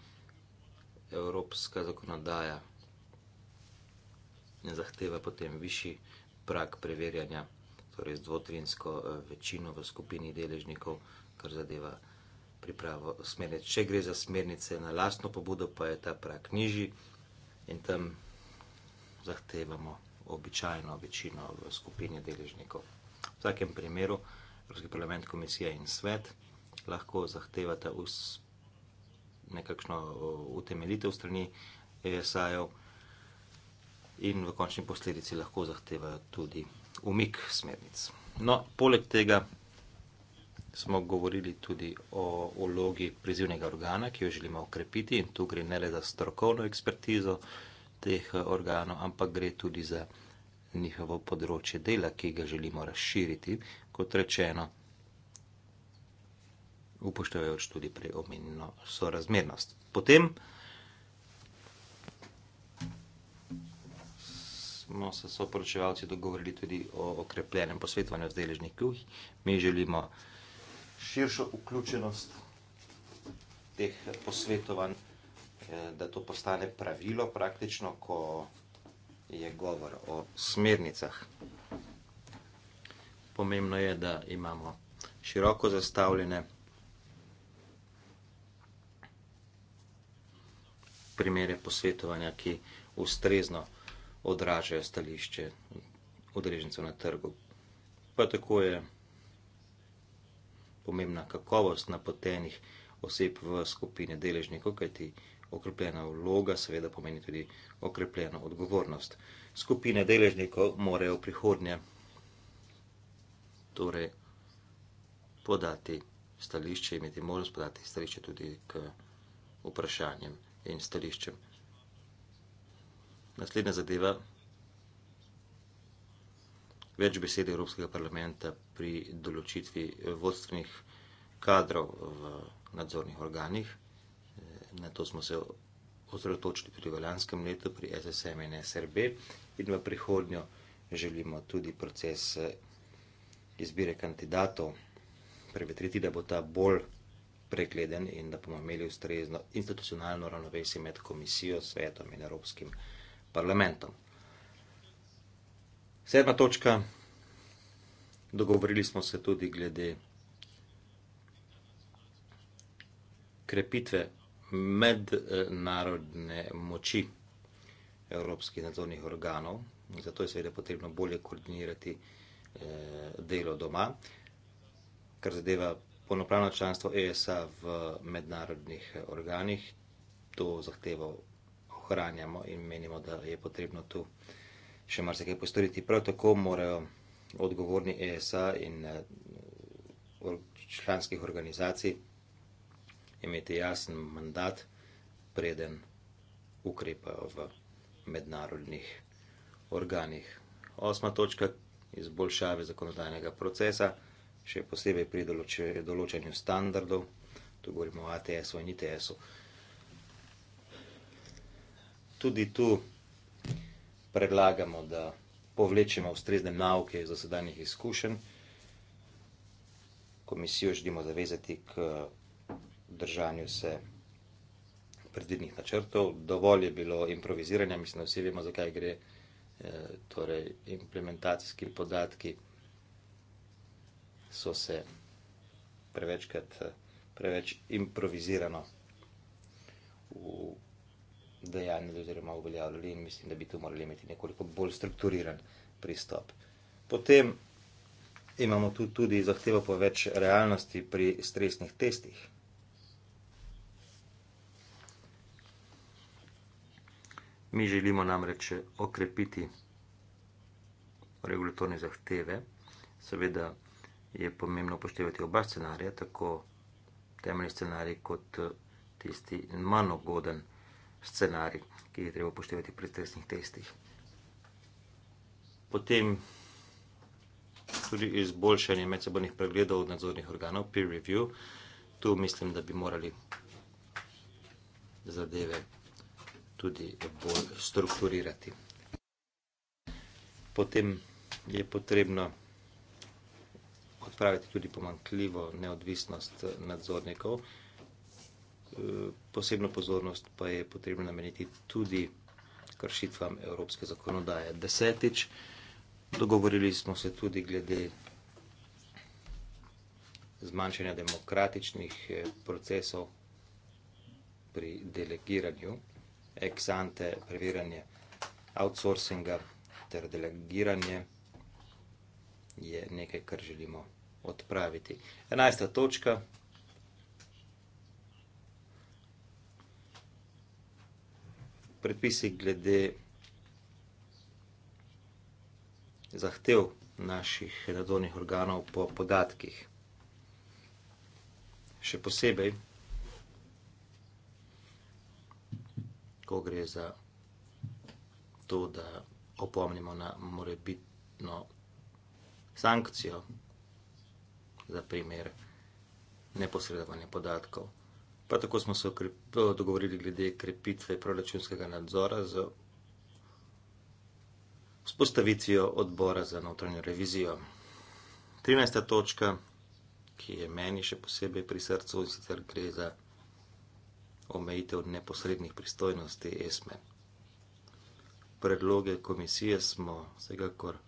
Evropska zakonodaja ne zahteva potem višji prak preverjanja, torej z dvotrinsko eh, večino v skupini deležnikov, kar zadeva pripravo smernic. Če gre za smernice na lastno pobudo, pa je ta prak nižji in tam zahtevamo običajno večino v skupini deležnikov. V vsakem primeru Evropski parlament, komisija in svet lahko zahtevata us, nekakšno utemeljitev strani ESA-jev in v končni posledici lahko zahtevajo tudi umik smernic. No, poleg tega smo govorili tudi o vlogi prizivnega organa, ki jo želimo okrepiti in tu gre ne le za strokovno ekspertizo teh organov, ampak gre tudi za njihovo področje dela, ki ga želimo razširiti, kot rečeno, upoštevajoč tudi prej omenjeno sorazmernost. Potem smo se soporočevalci dogovorili tudi o okrepljenem posvetovanju z deležniki. Mi želimo širšo vključenost teh posvetovanj, eh, da to postane pravilo praktično, ko je govor o smernicah. Pomembno je, da imamo široko zastavljene primere posvetovanja, ki ustrezno odražajo stališče odrežencev na trgu. Pa tako je pomembna kakovost napotenih oseb v skupine deležnikov, kajti okrepljena vloga seveda pomeni tudi okrepljeno odgovornost. Skupine deležnikov morajo v prihodnje torej podati stališče, imeti možnost podati stališče tudi k vprašanjem in stališčem. Naslednja zadeva. Več besed Evropskega parlamenta pri določitvi vodstvenih kadrov v nadzornih organih. Na to smo se ozrotočili pri valjanskem letu, pri SSM in SRB in v prihodnjo želimo tudi proces eh, izbire kandidatov prevetriti, da bo ta bolj pregleden in da bomo imeli ustrezno institucionalno ravnovesje med komisijo, svetom in Evropskim parlamentom parlamentom. Sedma točka. Dogovorili smo se tudi glede krepitve mednarodne moči evropskih nadzornih organov. Zato je seveda potrebno bolje koordinirati eh, delo doma, kar zadeva polnopravno članstvo ESA v mednarodnih organih. To zahteva ohranjamo in menimo, da je potrebno tu še marsikaj postoriti. Prav tako morajo odgovorni ESA in eh, članskih organizacij imeti jasen mandat, preden ukrepajo v mednarodnih organih. Osma točka izboljšave zakonodajnega procesa, še posebej pri določanju standardov, tu govorimo o ATS-u in ITS-u tudi tu predlagamo, da povlečemo ustrezne nauke iz dosedanjih izkušenj. Komisijo želimo zavezati k držanju se predvidnih načrtov. Dovolj je bilo improviziranja, mislim, da vsi vemo, zakaj gre, eh, torej implementacijski podatki so se prevečkrat, eh, preveč improvizirano v dejanje, oziroma uveljavljali in mislim, da bi tu morali imeti nekoliko bolj strukturiran pristop. Potem imamo tu tudi zahtevo po več realnosti pri stresnih testih. Mi želimo namreč okrepiti regulatorne zahteve. Seveda je pomembno upoštevati oba scenarija, tako temeljni scenarij kot tisti manj ugoden, scenarij, ki je treba upoštevati pri stresnih testih. Potem tudi izboljšanje medsebojnih pregledov nadzornih organov, peer review. Tu mislim, da bi morali zadeve tudi bolj strukturirati. Potem je potrebno odpraviti tudi pomankljivo neodvisnost nadzornikov posebno pozornost pa je potrebno nameniti tudi kršitvam evropske zakonodaje. Desetič, dogovorili smo se tudi glede zmanjšanja demokratičnih eh, procesov pri delegiranju, ex ante preverjanje outsourcinga ter delegiranje je nekaj, kar želimo odpraviti. Enajsta točka, predpisi glede zahtev naših nadzornih organov po podatkih. Še posebej, ko gre za to, da opomnimo na morebitno sankcijo za primer neposredovanje podatkov. Pa tako smo se eh, dogovorili glede krepitve proračunskega nadzora z vzpostavitvijo odbora za notranjo revizijo. 13. točka, ki je meni še posebej pri srcu in sicer gre za omejitev neposrednih pristojnosti ESME. Predloge komisije smo vsekakor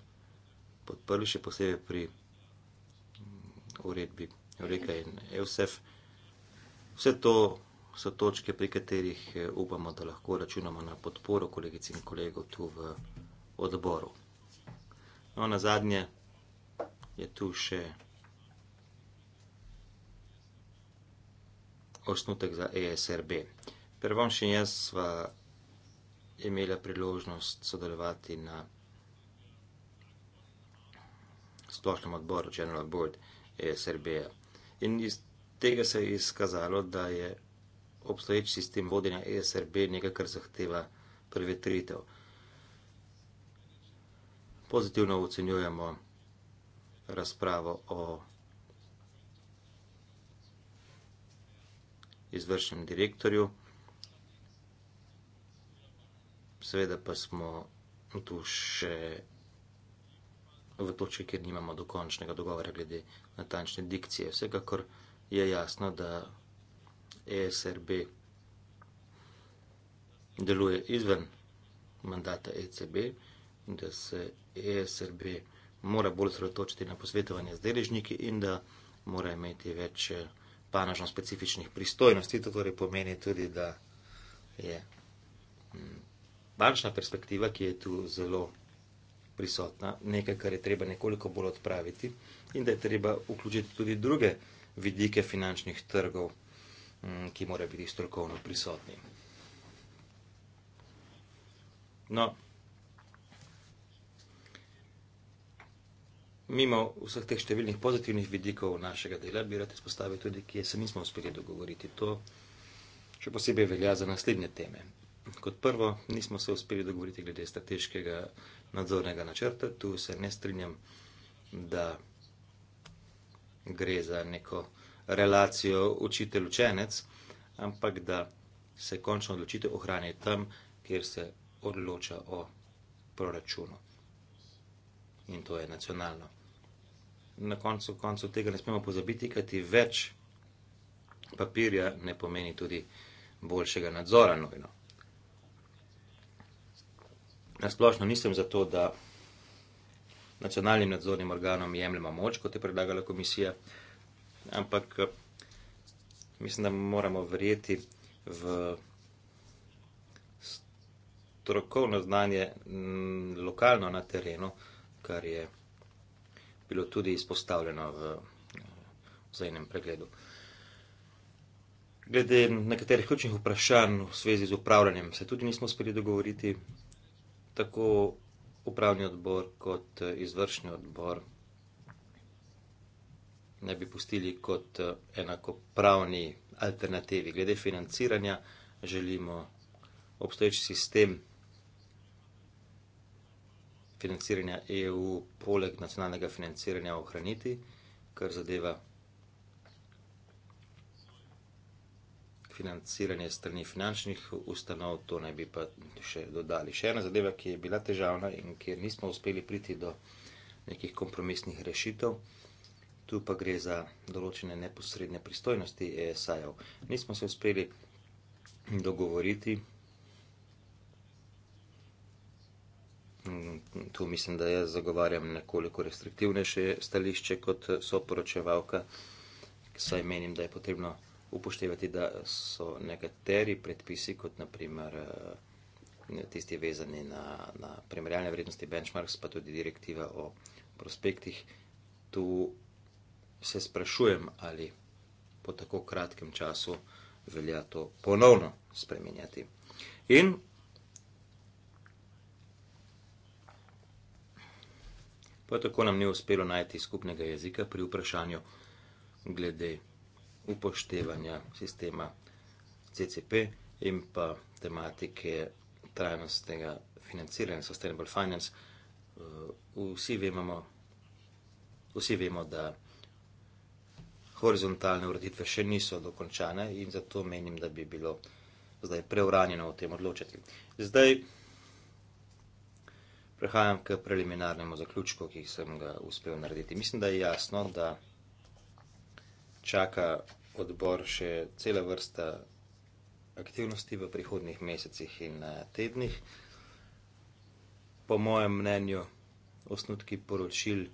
podprli še posebej pri uredbi Eureka in EUSEF. Vse to so točke, pri katerih eh, upamo, da lahko računamo na podporo kolegic in kolegov tu v odboru. No, na zadnje je tu še osnutek za ESRB. Prvom še jaz sva imela priložnost sodelovati na splošnem odboru, General Board ESRB. In iz tega se je izkazalo, da je obstoječ sistem vodenja ESRB nekaj, kar zahteva prevetritev. Pozitivno ocenjujemo razpravo o izvršnem direktorju. Seveda pa smo tu še v točki, kjer nimamo dokončnega dogovora glede natančne dikcije. Vsekakor je jasno, da ESRB deluje izven mandata ECB, da se ESRB mora bolj sredotočiti na posvetovanje z deležniki in da mora imeti več eh, panažno specifičnih pristojnosti. To torej pomeni tudi, da je mm, bančna perspektiva, ki je tu zelo prisotna, nekaj, kar je treba nekoliko bolj odpraviti in da je treba vključiti tudi druge vidike finančnih trgov, mm, ki morajo biti strokovno prisotni. No, mimo vseh teh številnih pozitivnih vidikov našega dela, bi rad izpostavil tudi, ki se nismo uspeli dogovoriti. To še posebej velja za naslednje teme. Kot prvo, nismo se uspeli dogovoriti glede strateškega nadzornega načrta. Tu se ne strinjam, da gre za neko relacijo učitelj-učenec, ampak da se končno odločitev ohrani tam, kjer se odloča o proračunu. In to je nacionalno. Na koncu, koncu tega ne smemo pozabiti, kajti več papirja ne pomeni tudi boljšega nadzora nujno. Nasplošno nisem za to, da nacionalnim nadzornim organom jemljemo moč, kot je predlagala komisija. Ampak eh, mislim, da moramo verjeti v strokovno znanje mm, lokalno na terenu, kar je bilo tudi izpostavljeno v eh, zajednem pregledu. Glede nekaterih ključnih vprašanj v svezi z upravljanjem se tudi nismo uspeli dogovoriti tako upravni odbor kot eh, izvršni odbor ne bi pustili kot eh, enakopravni alternativi. Glede financiranja želimo obstoječi sistem financiranja EU poleg nacionalnega financiranja ohraniti, kar zadeva financiranje strani finančnih ustanov, to naj bi pa še dodali. Še ena zadeva, ki je bila težavna in kjer nismo uspeli priti do nekih kompromisnih rešitev, tu pa gre za določene neposredne pristojnosti ESA-jev. Nismo se uspeli dogovoriti. Tu mislim, da jaz zagovarjam nekoliko restriktivnejše stališče kot soporočevalka, saj menim, da je potrebno upoštevati, da so nekateri predpisi, kot naprimer eh, tisti vezani na, na primerjalne vrednosti benchmarks, pa tudi direktiva o prospektih, tu se sprašujem, ali po tako kratkem času velja to ponovno spremenjati. In pa tako nam ni uspelo najti skupnega jezika pri vprašanju glede upoštevanja sistema CCP in pa tematike trajnostnega financiranja, sustainable finance. Eh, vsi, vemamo, vsi vemo, da horizontalne ureditve še niso dokončane in zato menim, da bi bilo zdaj preuranjeno o tem odločiti. Zdaj prehajam k preliminarnemu zaključku, ki sem ga uspel narediti. Mislim, da je jasno, da čaka odbor še cela vrsta aktivnosti v prihodnih mesecih in eh, tednih. Po mojem mnenju osnutki poročil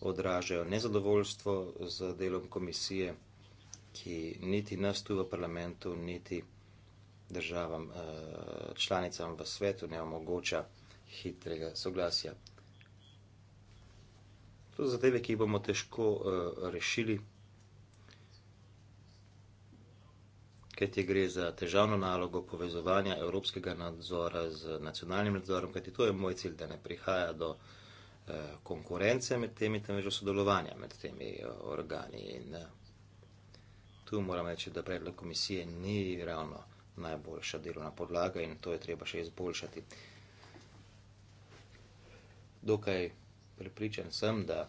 odražajo nezadovoljstvo z delom komisije, ki niti nas tu v parlamentu, niti državam eh, članicam v svetu ne omogoča hitrega soglasja. To zadeve, ki jih bomo težko eh, rešili, ker ti gre za težavno nalogo povezovanja evropskega nadzora z nacionalnim nadzorom, kajti to je moj cilj, da ne prihaja do eh, konkurence med temi, temveč do sodelovanja med temi eh, organi. In eh, tu moram reči, da predlog komisije ni ravno najboljša delovna podlaga in to je treba še izboljšati. Dokaj prepričan sem, da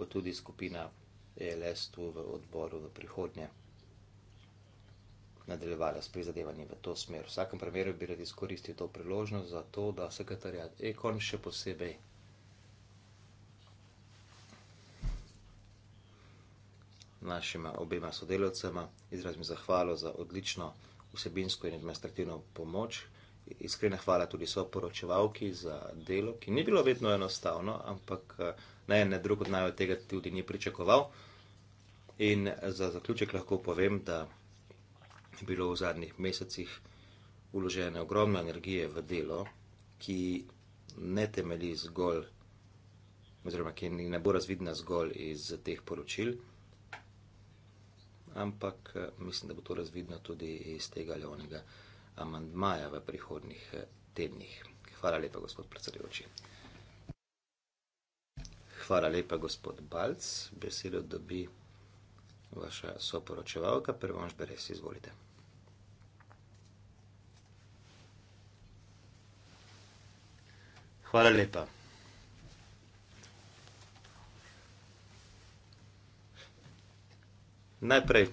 bo tudi skupina ELS tu v odboru v prihodnje nadaljevala s prizadevanjem v to smer. V vsakem primeru bi rad izkoristil to priložnost za to, da sekretarjat Ekon še posebej našima obema sodelovcema izrazim zahvalo za odlično vsebinsko in administrativno pomoč. Iskrena hvala tudi so poročevalki za delo, ki ni bilo vedno enostavno, ampak eh, na en drug od naj od tega tudi ni pričakoval. In za zaključek lahko povem, da bilo v zadnjih mesecih uložene ogromno energije v delo, ki ne temelji zgolj, oziroma ki ne bo razvidna zgolj iz teh poročil, ampak eh, mislim, da bo to razvidno tudi iz tega ali onega amandmaja v prihodnih eh, tednih. Hvala lepa, gospod predsedujoči. Hvala lepa, gospod Balc. Besedo dobi vaša soporočevalka, prvo Beres, izvolite. Hvala lepa. Najprej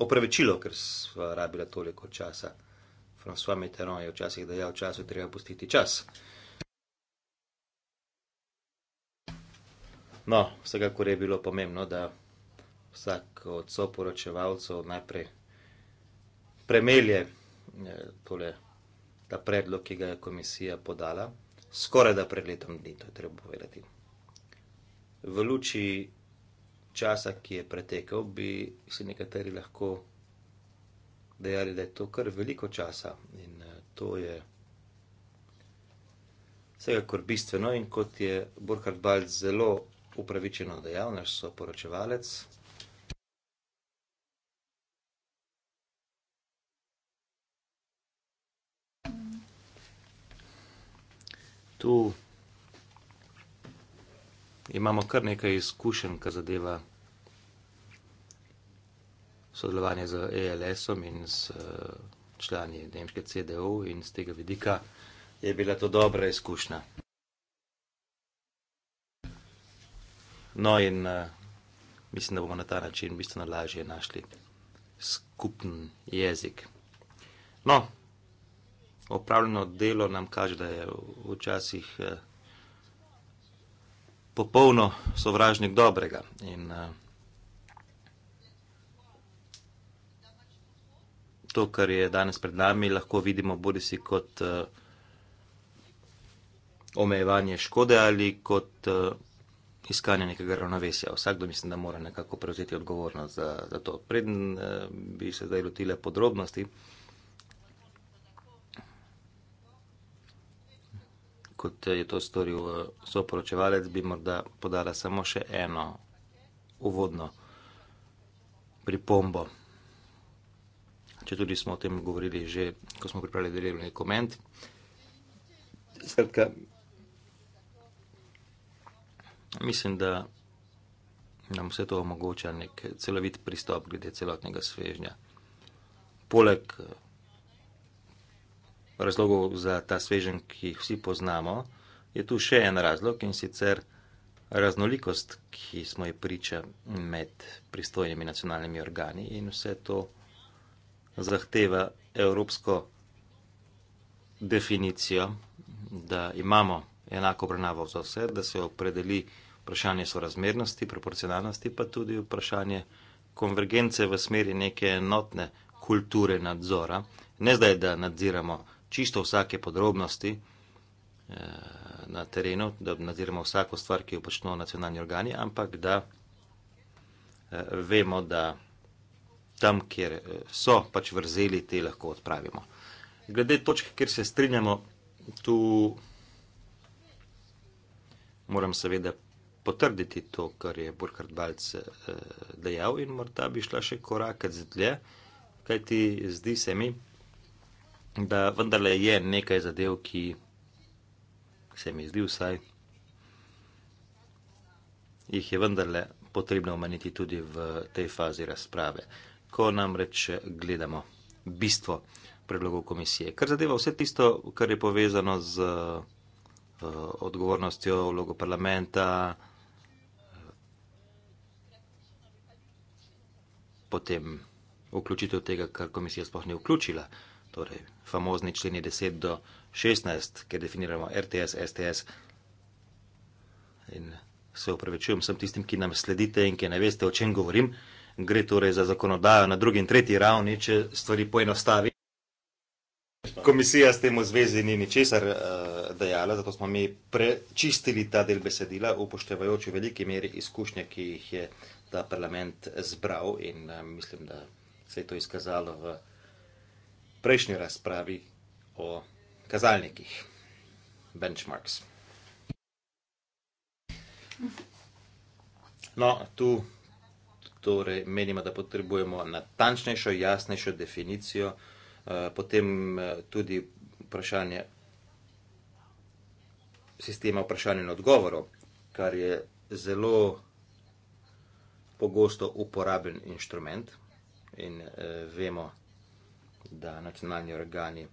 opravičilo, ker sva rabila toliko časa. François Mitterrand je včasih dejal, času treba pustiti čas. No, vsekakor je bilo pomembno, da vsak od soporočevalcev najprej premelje eh, tole, ta predlog, ki ga je komisija podala skoraj da pred letom dni, to je treba povedati. V luči časa, ki je pretekel, bi si nekateri lahko dejali, da je to kar veliko časa in eh, to je vsekakor bistveno in kot je Burkhard Balc zelo upravičeno dejal, naš soporočevalec, tu imamo kar nekaj izkušenj, kar zadeva sodelovanje z ELS-om in s eh, člani nemške CDU in z tega vidika je bila to dobra izkušnja. No in eh, mislim, da bomo na ta način bistveno lažje našli skupen jezik. No, opravljeno delo nam kaže, da je včasih eh, popolno sovražnik dobrega. In eh, to, kar je danes pred nami, lahko vidimo bodi si kot eh, omejevanje škode ali kot iskanje nekega ravnovesja. Vsakdo mislim, da mora nekako prevzeti odgovornost za, za to. Preden bi se zdaj lotile podrobnosti. kot je to storil eh, soporočevalec, bi morda podala samo še eno uvodno pripombo. Če tudi smo o tem govorili že, ko smo pripravili delovni dokument. Skratka, mislim, da nam vse to omogoča nek celovit pristop glede celotnega svežnja. Poleg eh, razlogov za ta svežen, ki jih vsi poznamo, je tu še en razlog in sicer raznolikost, ki smo ji priča med pristojnimi nacionalnimi organi in vse to zahteva evropsko definicijo, da imamo enako obravnavo za vse, da se opredeli vprašanje sorazmernosti, proporcionalnosti, pa tudi vprašanje konvergence v smeri neke enotne kulture nadzora. Ne zdaj, da nadziramo čisto vsake podrobnosti eh, na terenu, da nadziramo vsako stvar, ki jo počnejo nacionalni organi, ampak da eh, vemo, da tam, kjer eh, so pač vrzeli, te lahko odpravimo. Glede točke, kjer se strinjamo, tu moram seveda potrditi to, kar je Burkhard Balc eh, dejal in morda bi šla še korak dlje, kajti zdi se mi, da vendarle je nekaj zadev, ki se mi zdi vsaj, jih je vendarle potrebno omeniti tudi v tej fazi razprave, ko nam reč gledamo bistvo predlogov komisije. Kar zadeva vse tisto, kar je povezano z eh, odgovornostjo vlogo parlamenta, eh, potem vključitev tega, kar komisija sploh ni vključila, torej famozni členi 10 do 16, kjer definiramo RTS, STS. In se upravičujem vsem tistim, ki nam sledite in ki ne veste, o čem govorim. Gre torej za zakonodajo na drugi in tretji ravni, če stvari poenostavi. Komisija s tem v zvezi ni ničesar uh, dejala, zato smo mi prečistili ta del besedila, upoštevajoč v veliki meri izkušnje, ki jih je ta parlament zbral in uh, mislim, da se je to izkazalo v prejšnji razpravi o kazalnikih, benchmarks. No, tu torej menimo, da potrebujemo natančnejšo, jasnejšo definicijo, eh, potem eh, tudi vprašanje sistema vprašanja in odgovorov, kar je zelo pogosto uporaben inštrument in eh, vemo, da je da nacionalni organi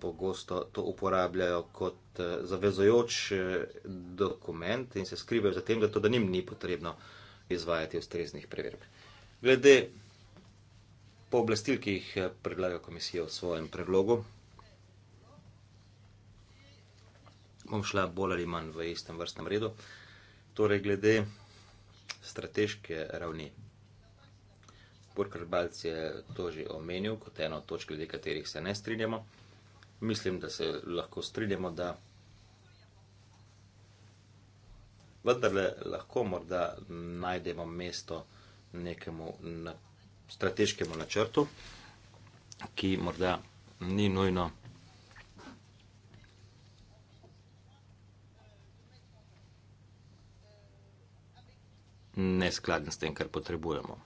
pogosto to uporabljajo kot eh, zavezojoč eh, dokument in se skrivajo za tem, da to da njim ni potrebno izvajati ustreznih preverb. Glede pooblastil, ki jih eh, predlaga komisija v svojem predlogu, bom šla bolj ali manj v istem vrstnem redu, torej glede strateške ravni Burkhard Balc je to že omenil kot eno od točk, glede katerih se ne strinjamo. Mislim, da se lahko strinjamo, da vendarle lahko morda najdemo mesto nekemu na strateškemu načrtu, ki morda ni nujno. Neskladen s tem, kar potrebujemo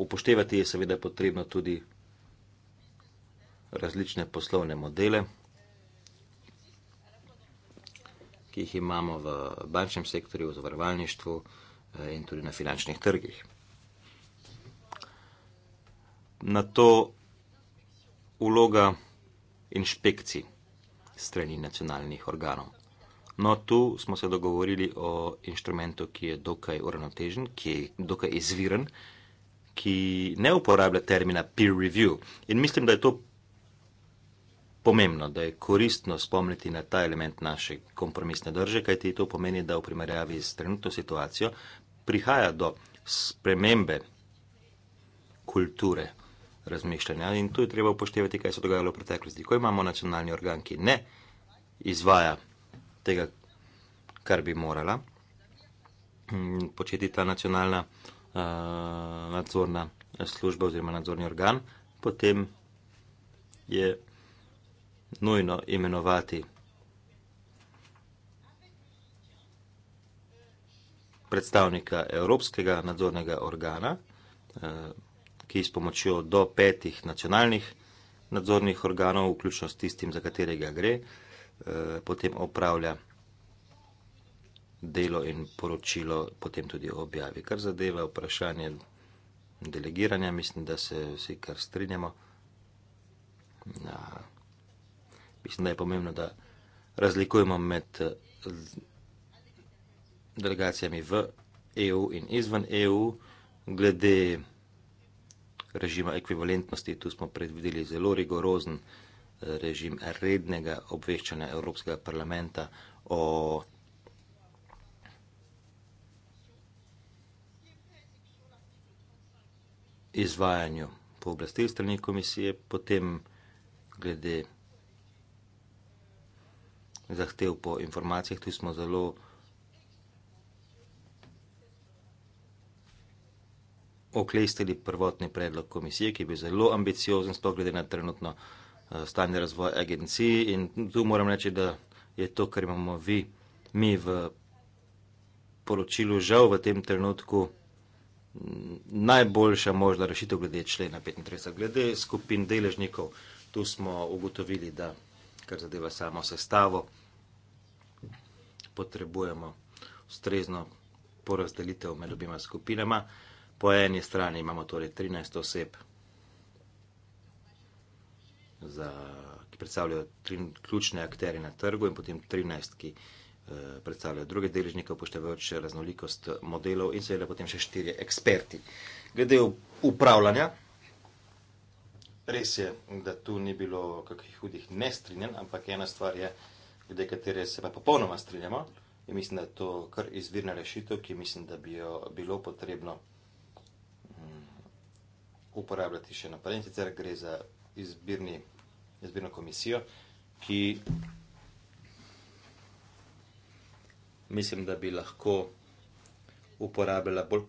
upoštevati je seveda potrebno tudi različne poslovne modele, ki jih imamo v bančnem sektorju, v zavarovalništvu eh, in tudi na finančnih trgih. Na to uloga inšpekcij strani nacionalnih organov. No, tu smo se dogovorili o inštrumentu, ki je dokaj uravnotežen, ki je dokaj izviren, ki ne uporablja termina peer review. In mislim, da je to pomembno, da je koristno spomniti na ta element naše kompromisne drže, kajti to pomeni, da v primerjavi s trenutno situacijo prihaja do spremembe kulture razmišljanja in tu je treba upoštevati, kaj se dogajalo v preteklosti. Ko imamo nacionalni organ, ki ne izvaja tega, kar bi morala, početi ta nacionalna nadzorna služba oziroma nadzorni organ, potem je nujno imenovati predstavnika Evropskega nadzornega organa, ki s pomočjo do petih nacionalnih nadzornih organov, vključno s tistim, za katerega gre, potem opravlja nadzor delo in poročilo potem tudi objavi. Kar zadeva vprašanje delegiranja, mislim, da se vsi kar strinjamo. Ja. Mislim, da je pomembno, da razlikujemo med delegacijami v EU in izven EU. Glede režima ekvivalentnosti, tu smo predvideli zelo rigorozen eh, režim rednega obveščanja Evropskega parlamenta o izvajanju pooblastil strani komisije, potem glede zahtev po informacijah, tu smo zelo oklestili prvotni predlog komisije, ki je bil zelo ambiciozen, sploh glede na trenutno eh, stanje razvoja agencij in tu moram reči, da je to, kar imamo vi, mi v poročilu žal v tem trenutku vsega, najboljša možna rešitev glede člena 35. Glede skupin deležnikov, tu smo ugotovili, da kar zadeva samo sestavo, potrebujemo ustrezno porazdelitev med obima skupinama. Po eni strani imamo torej 13 oseb, za, ki predstavljajo tri, ključne akteri na trgu in potem 13, ki Eh, predstavljajo druge deležnike, upoštevajoč raznolikost modelov in seveda potem še štirje eksperti. Glede upravljanja, res je, da tu ni bilo kakih hudih nestrinjen, ampak ena stvar je, glede katere se pa popolnoma strinjamo in mislim, da je to kar izvirna rešitev, ki mislim, da bi jo bilo potrebno mm, uporabljati še naprej. Sicer gre za izbirni, izbirno komisijo, ki mislim, da bi lahko uporabila bolj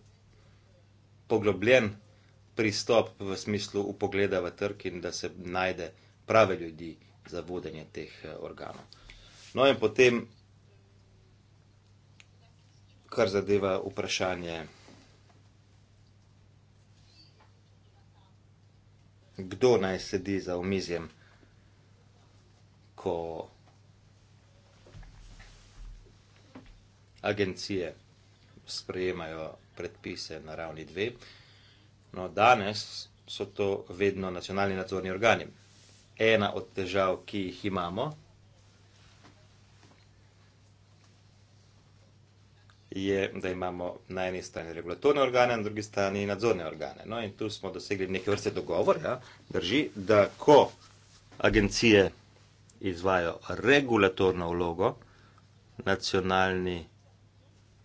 poglobljen pristop v smislu upogleda v trg in da se najde prave ljudi za vodenje teh eh, organov. No in potem, kar zadeva vprašanje, kdo naj sedi za omizjem, ko agencije sprejemajo predpise na ravni dve, no danes so to vedno nacionalni nadzorni organi. Ena od težav, ki jih imamo, je, da imamo na eni strani regulatorne organe, na drugi strani nadzorne organe. No in tu smo dosegli neke vrste dogovor, ja, drži, da ko agencije izvajo regulatorno vlogo, nacionalni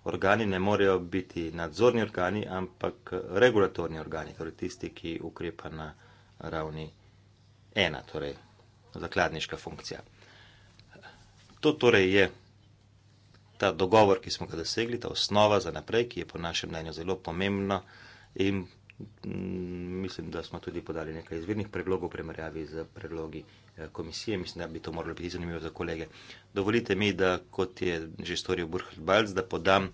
organi ne morejo biti nadzorni organi, ampak regulatorni organi, torej tisti, ki ukrepa na ravni ena, torej zakladniška funkcija. To torej je ta dogovor, ki smo ga dosegli, ta osnova za naprej, ki je po našem mnenju zelo pomembna in Mm, mislim, da smo tudi podali nekaj izvirnih predlogov, primerjavi z predlogi eh, komisije. Mislim, da bi to moralo biti zanimivo za kolege. Dovolite mi, da kot je že storil Burhard Balc, da podam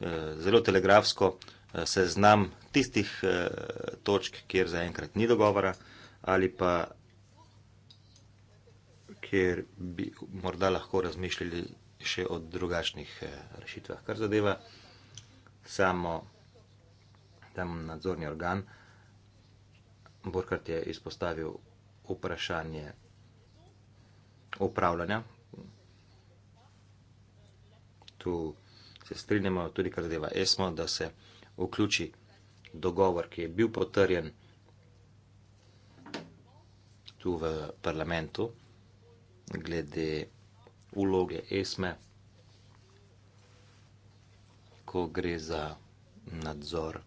eh, zelo telegrafsko eh, seznam tistih točk, kjer zaenkrat ni dogovora ali pa kjer bi morda lahko razmišljali še o drugačnih rešitvah, kar zadeva samo tam nadzorni organ. Burkhardt je izpostavil vprašanje upravljanja. Tu se strinjamo tudi, kar zadeva ESMO, da se vključi dogovor, ki je bil potrjen tu v parlamentu glede uloge ESME, ko gre za nadzor.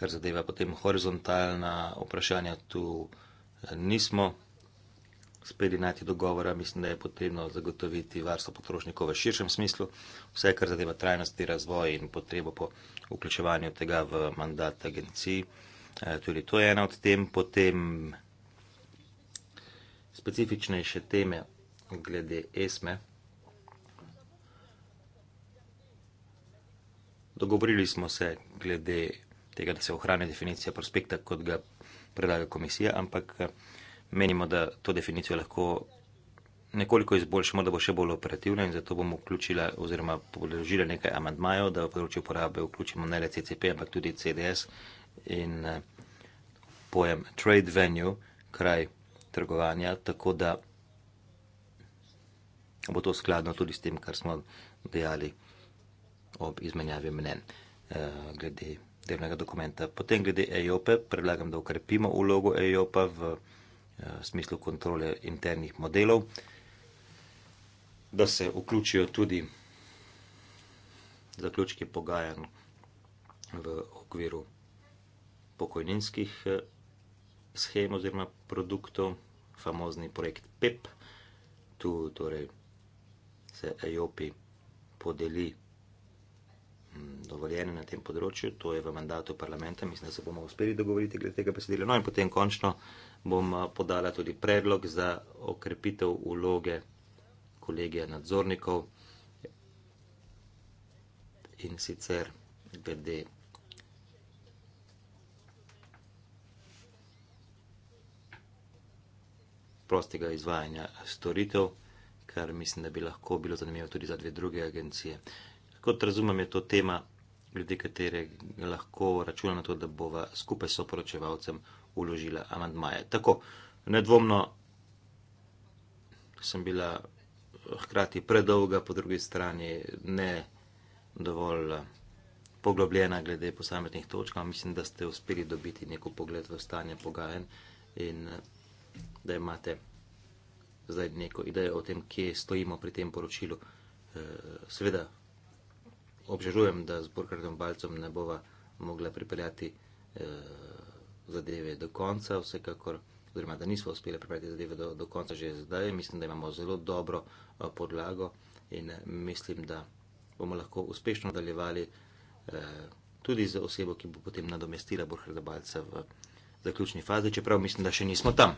kar zadeva potem horizontalna vprašanja, tu eh, nismo uspeli najti dogovora. Mislim, da je potrebno zagotoviti varstvo potrošnikov v širšem smislu. Vse, kar zadeva trajnosti, razvoj in potrebo po vključevanju tega v mandat agencij. Eh, tudi to je ena od tem. Potem specifičnejše teme glede ESME. Dogovorili smo se glede tega, da se ohrani definicija prospekta, kot ga predlaga komisija, ampak eh, menimo, da to definicijo lahko nekoliko izboljšamo, da bo še bolj operativna in zato bomo vključila oziroma podložila nekaj amantmajev, da v področju uporabe vključimo ne le CCP, ampak tudi CDS in eh, pojem trade venue, kraj trgovanja, tako da bo to skladno tudi s tem, kar smo dejali ob izmenjavi mnen eh, glede temnega dokumenta. Potem glede EOP-a, predlagam, da ukrepimo ulogo EOP-a v eh, smislu kontrole internih modelov, da se vključijo tudi zaključki pogajanj v okviru pokojninskih eh, schem oziroma produktov, famozni projekt PEP, e tu torej se EOP podeli dovoljene na tem področju, to je v mandatu parlamenta, mislim, da se bomo uspeli dogovoriti glede tega besedila. No in potem končno bom eh, podala tudi predlog za okrepitev uloge kolegija nadzornikov in sicer glede prostega izvajanja storitev, kar mislim, da bi lahko bilo zanimivo tudi za dve druge agencije. Kot razumem, je to tema, glede katere lahko računa na to, da bova skupaj s oporočevalcem uložila amantmaje. Tako, nedvomno sem bila hkrati predolga, po drugi strani ne dovolj eh, poglobljena glede posameznih točk, ampak mislim, da ste uspeli dobiti neko pogled v stanje pogajen in eh, da imate zdaj neko idejo o tem, kje stojimo pri tem poročilu. Eh, seveda, obžalujem, da z Burkhardom Balcom ne bova mogla pripeljati eh, zadeve do konca, vsekakor, oziroma da nismo uspeli pripeljati zadeve do, do konca že zdaj. Mislim, da imamo zelo dobro eh, podlago in eh, mislim, da bomo lahko uspešno nadaljevali eh, tudi z osebo, ki bo potem nadomestila Burkharda Balca v zaključni fazi, čeprav mislim, da še nismo tam.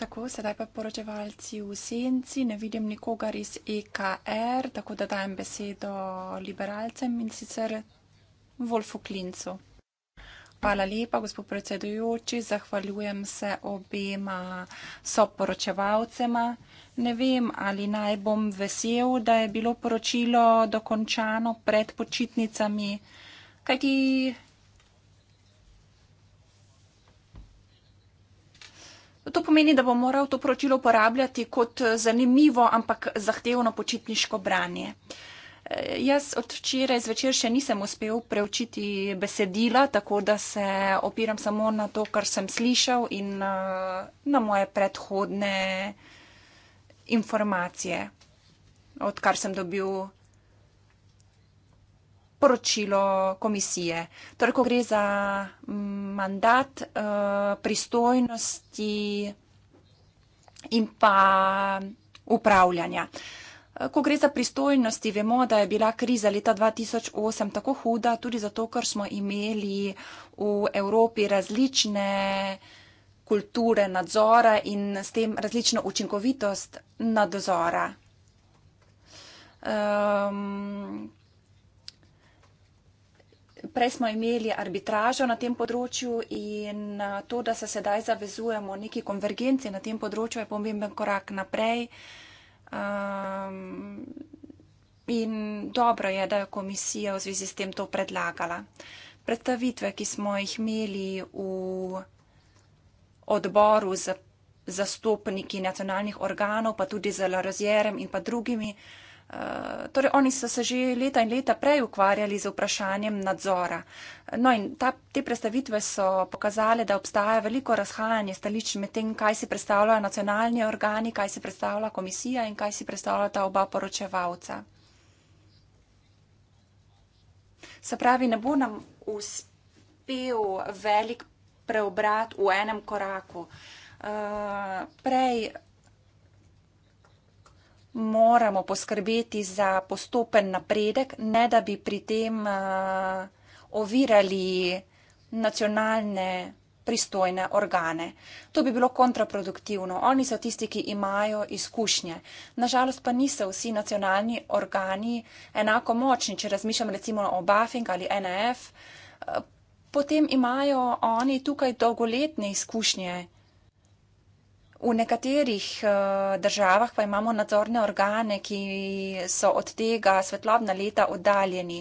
Tako, sedaj pa poročevalci v senci, ne vidim nikogar iz EKR, tako da dajem besedo liberalcem in sicer Wolfu Klincu. Hvala lepa, gospod predsedujoči, zahvaljujem se obema soporočevalcema. Ne vem, ali naj bom vesel, da je bilo poročilo dokončano pred počitnicami, kajti To pomeni, da bo moral to poročilo uporabljati kot eh, zanimivo, ampak zahtevno počitniško branje. Eh, jaz od včeraj zvečer še nisem uspel preučiti besedila, tako da se opiram samo na to, kar sem slišal in eh, na moje predhodne informacije, odkar sem dobil poročilo komisije. Torej, ko gre za mm, mandat, eh, pristojnosti in pa upravljanja. Eh, ko gre za pristojnosti, vemo, da je bila kriza leta 2008 tako huda, tudi zato, ker smo imeli v Evropi različne kulture nadzora in s tem različno učinkovitost nadzora. Um, prej smo imeli arbitražo na tem področju in eh, to, da se sedaj zavezujemo neki konvergenci na tem področju, je pomemben korak naprej. Um, in dobro je, da je komisija v zvezi s tem to predlagala. Predstavitve, ki smo jih imeli v odboru z zastopniki nacionalnih organov, pa tudi z Larozjerem in pa drugimi, uh, Eh, torej oni so se že leta in leta prej ukvarjali z vprašanjem nadzora. No in ta, te predstavitve so pokazale, da obstaja veliko razhajanje stališč med tem, kaj si predstavljajo nacionalni organi, kaj si predstavlja komisija in kaj si predstavlja ta oba poročevalca. Se pravi, ne bo nam uspel velik preobrat v enem koraku. Uh, prej moramo poskrbeti za postopen napredek, ne da bi pri tem uh, ovirali nacionalne pristojne organe. To bi bilo kontraproduktivno. Oni so tisti, ki imajo izkušnje. Nažalost pa niso vsi nacionalni organi enako močni, če razmišljam recimo o Buffing ali NF. Eh, potem imajo oni tukaj dolgoletne izkušnje V nekaterih eh, državah pa imamo nadzorne organe, ki so od tega svetlobna leta oddaljeni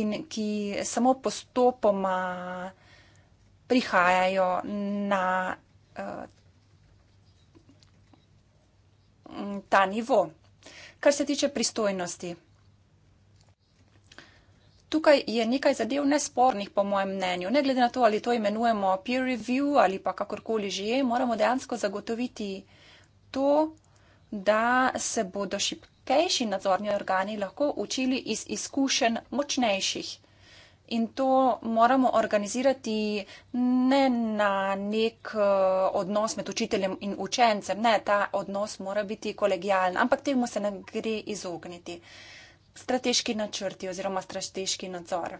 in ki samo postopoma prihajajo na eh, ta nivo. Kar se tiče pristojnosti. Tukaj je nekaj zadev nespornih, po mojem mnenju. Ne glede na to, ali to imenujemo peer review ali pa kakorkoli že, moramo dejansko zagotoviti to, da se bodo šipkejši nadzorni organi lahko učili iz izkušenj močnejših. In to moramo organizirati ne na nek eh, odnos med učiteljem in učencem, ne, ta odnos mora biti kolegijalen, ampak temu se ne gre izogniti. Uh, strateški načrti oziroma strateški nadzor.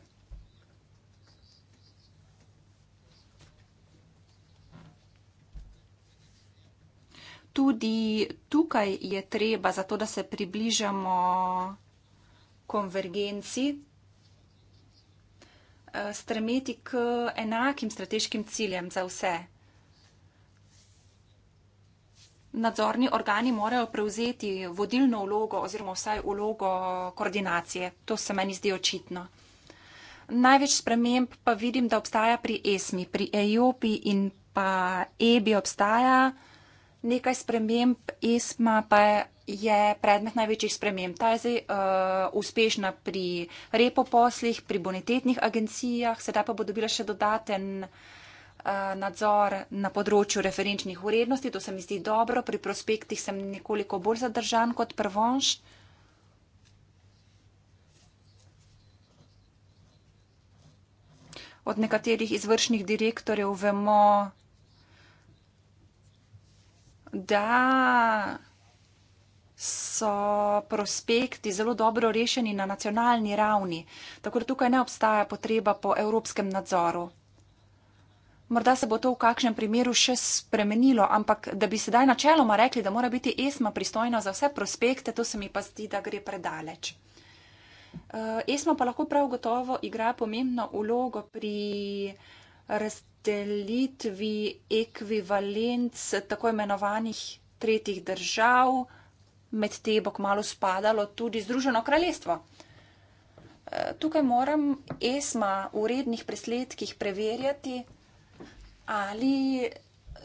Tudi tukaj je treba, zato da se približamo konvergenci, eh, stremeti k enakim strateškim ciljem za vse nadzorni organi morajo prevzeti vodilno vlogo oziroma vsaj vlogo koordinacije. To se meni zdi očitno. Največ sprememb pa vidim, da obstaja pri ESMI, pri EIOPI in pa EBI obstaja. Nekaj sprememb ESMA pa je predmet največjih sprememb. Ta je zdaj uh, uspešna pri repoposlih, pri bonitetnih agencijah, sedaj pa bo dobila še dodaten. Uh, Eh, nadzor na področju referenčnih vrednosti. To se mi zdi dobro. Pri prospektih sem nekoliko bolj zadržan kot prvonš. Od nekaterih izvršnih direktorjev vemo, da so prospekti zelo dobro rešeni na nacionalni ravni, tako da tukaj ne obstaja potreba po evropskem nadzoru. Morda se bo to v kakšnem primeru še spremenilo, ampak da bi sedaj načeloma rekli, da mora biti ESMA pristojna za vse prospekte, to se mi pa zdi, da gre predaleč. Eh, ESMA pa lahko prav gotovo igra pomembno ulogo pri razdelitvi ekvivalenc tako imenovanih tretjih držav, med te bo kmalo spadalo tudi Združeno kraljestvo. Eh, tukaj moram ESMA v rednih presledkih preverjati, ali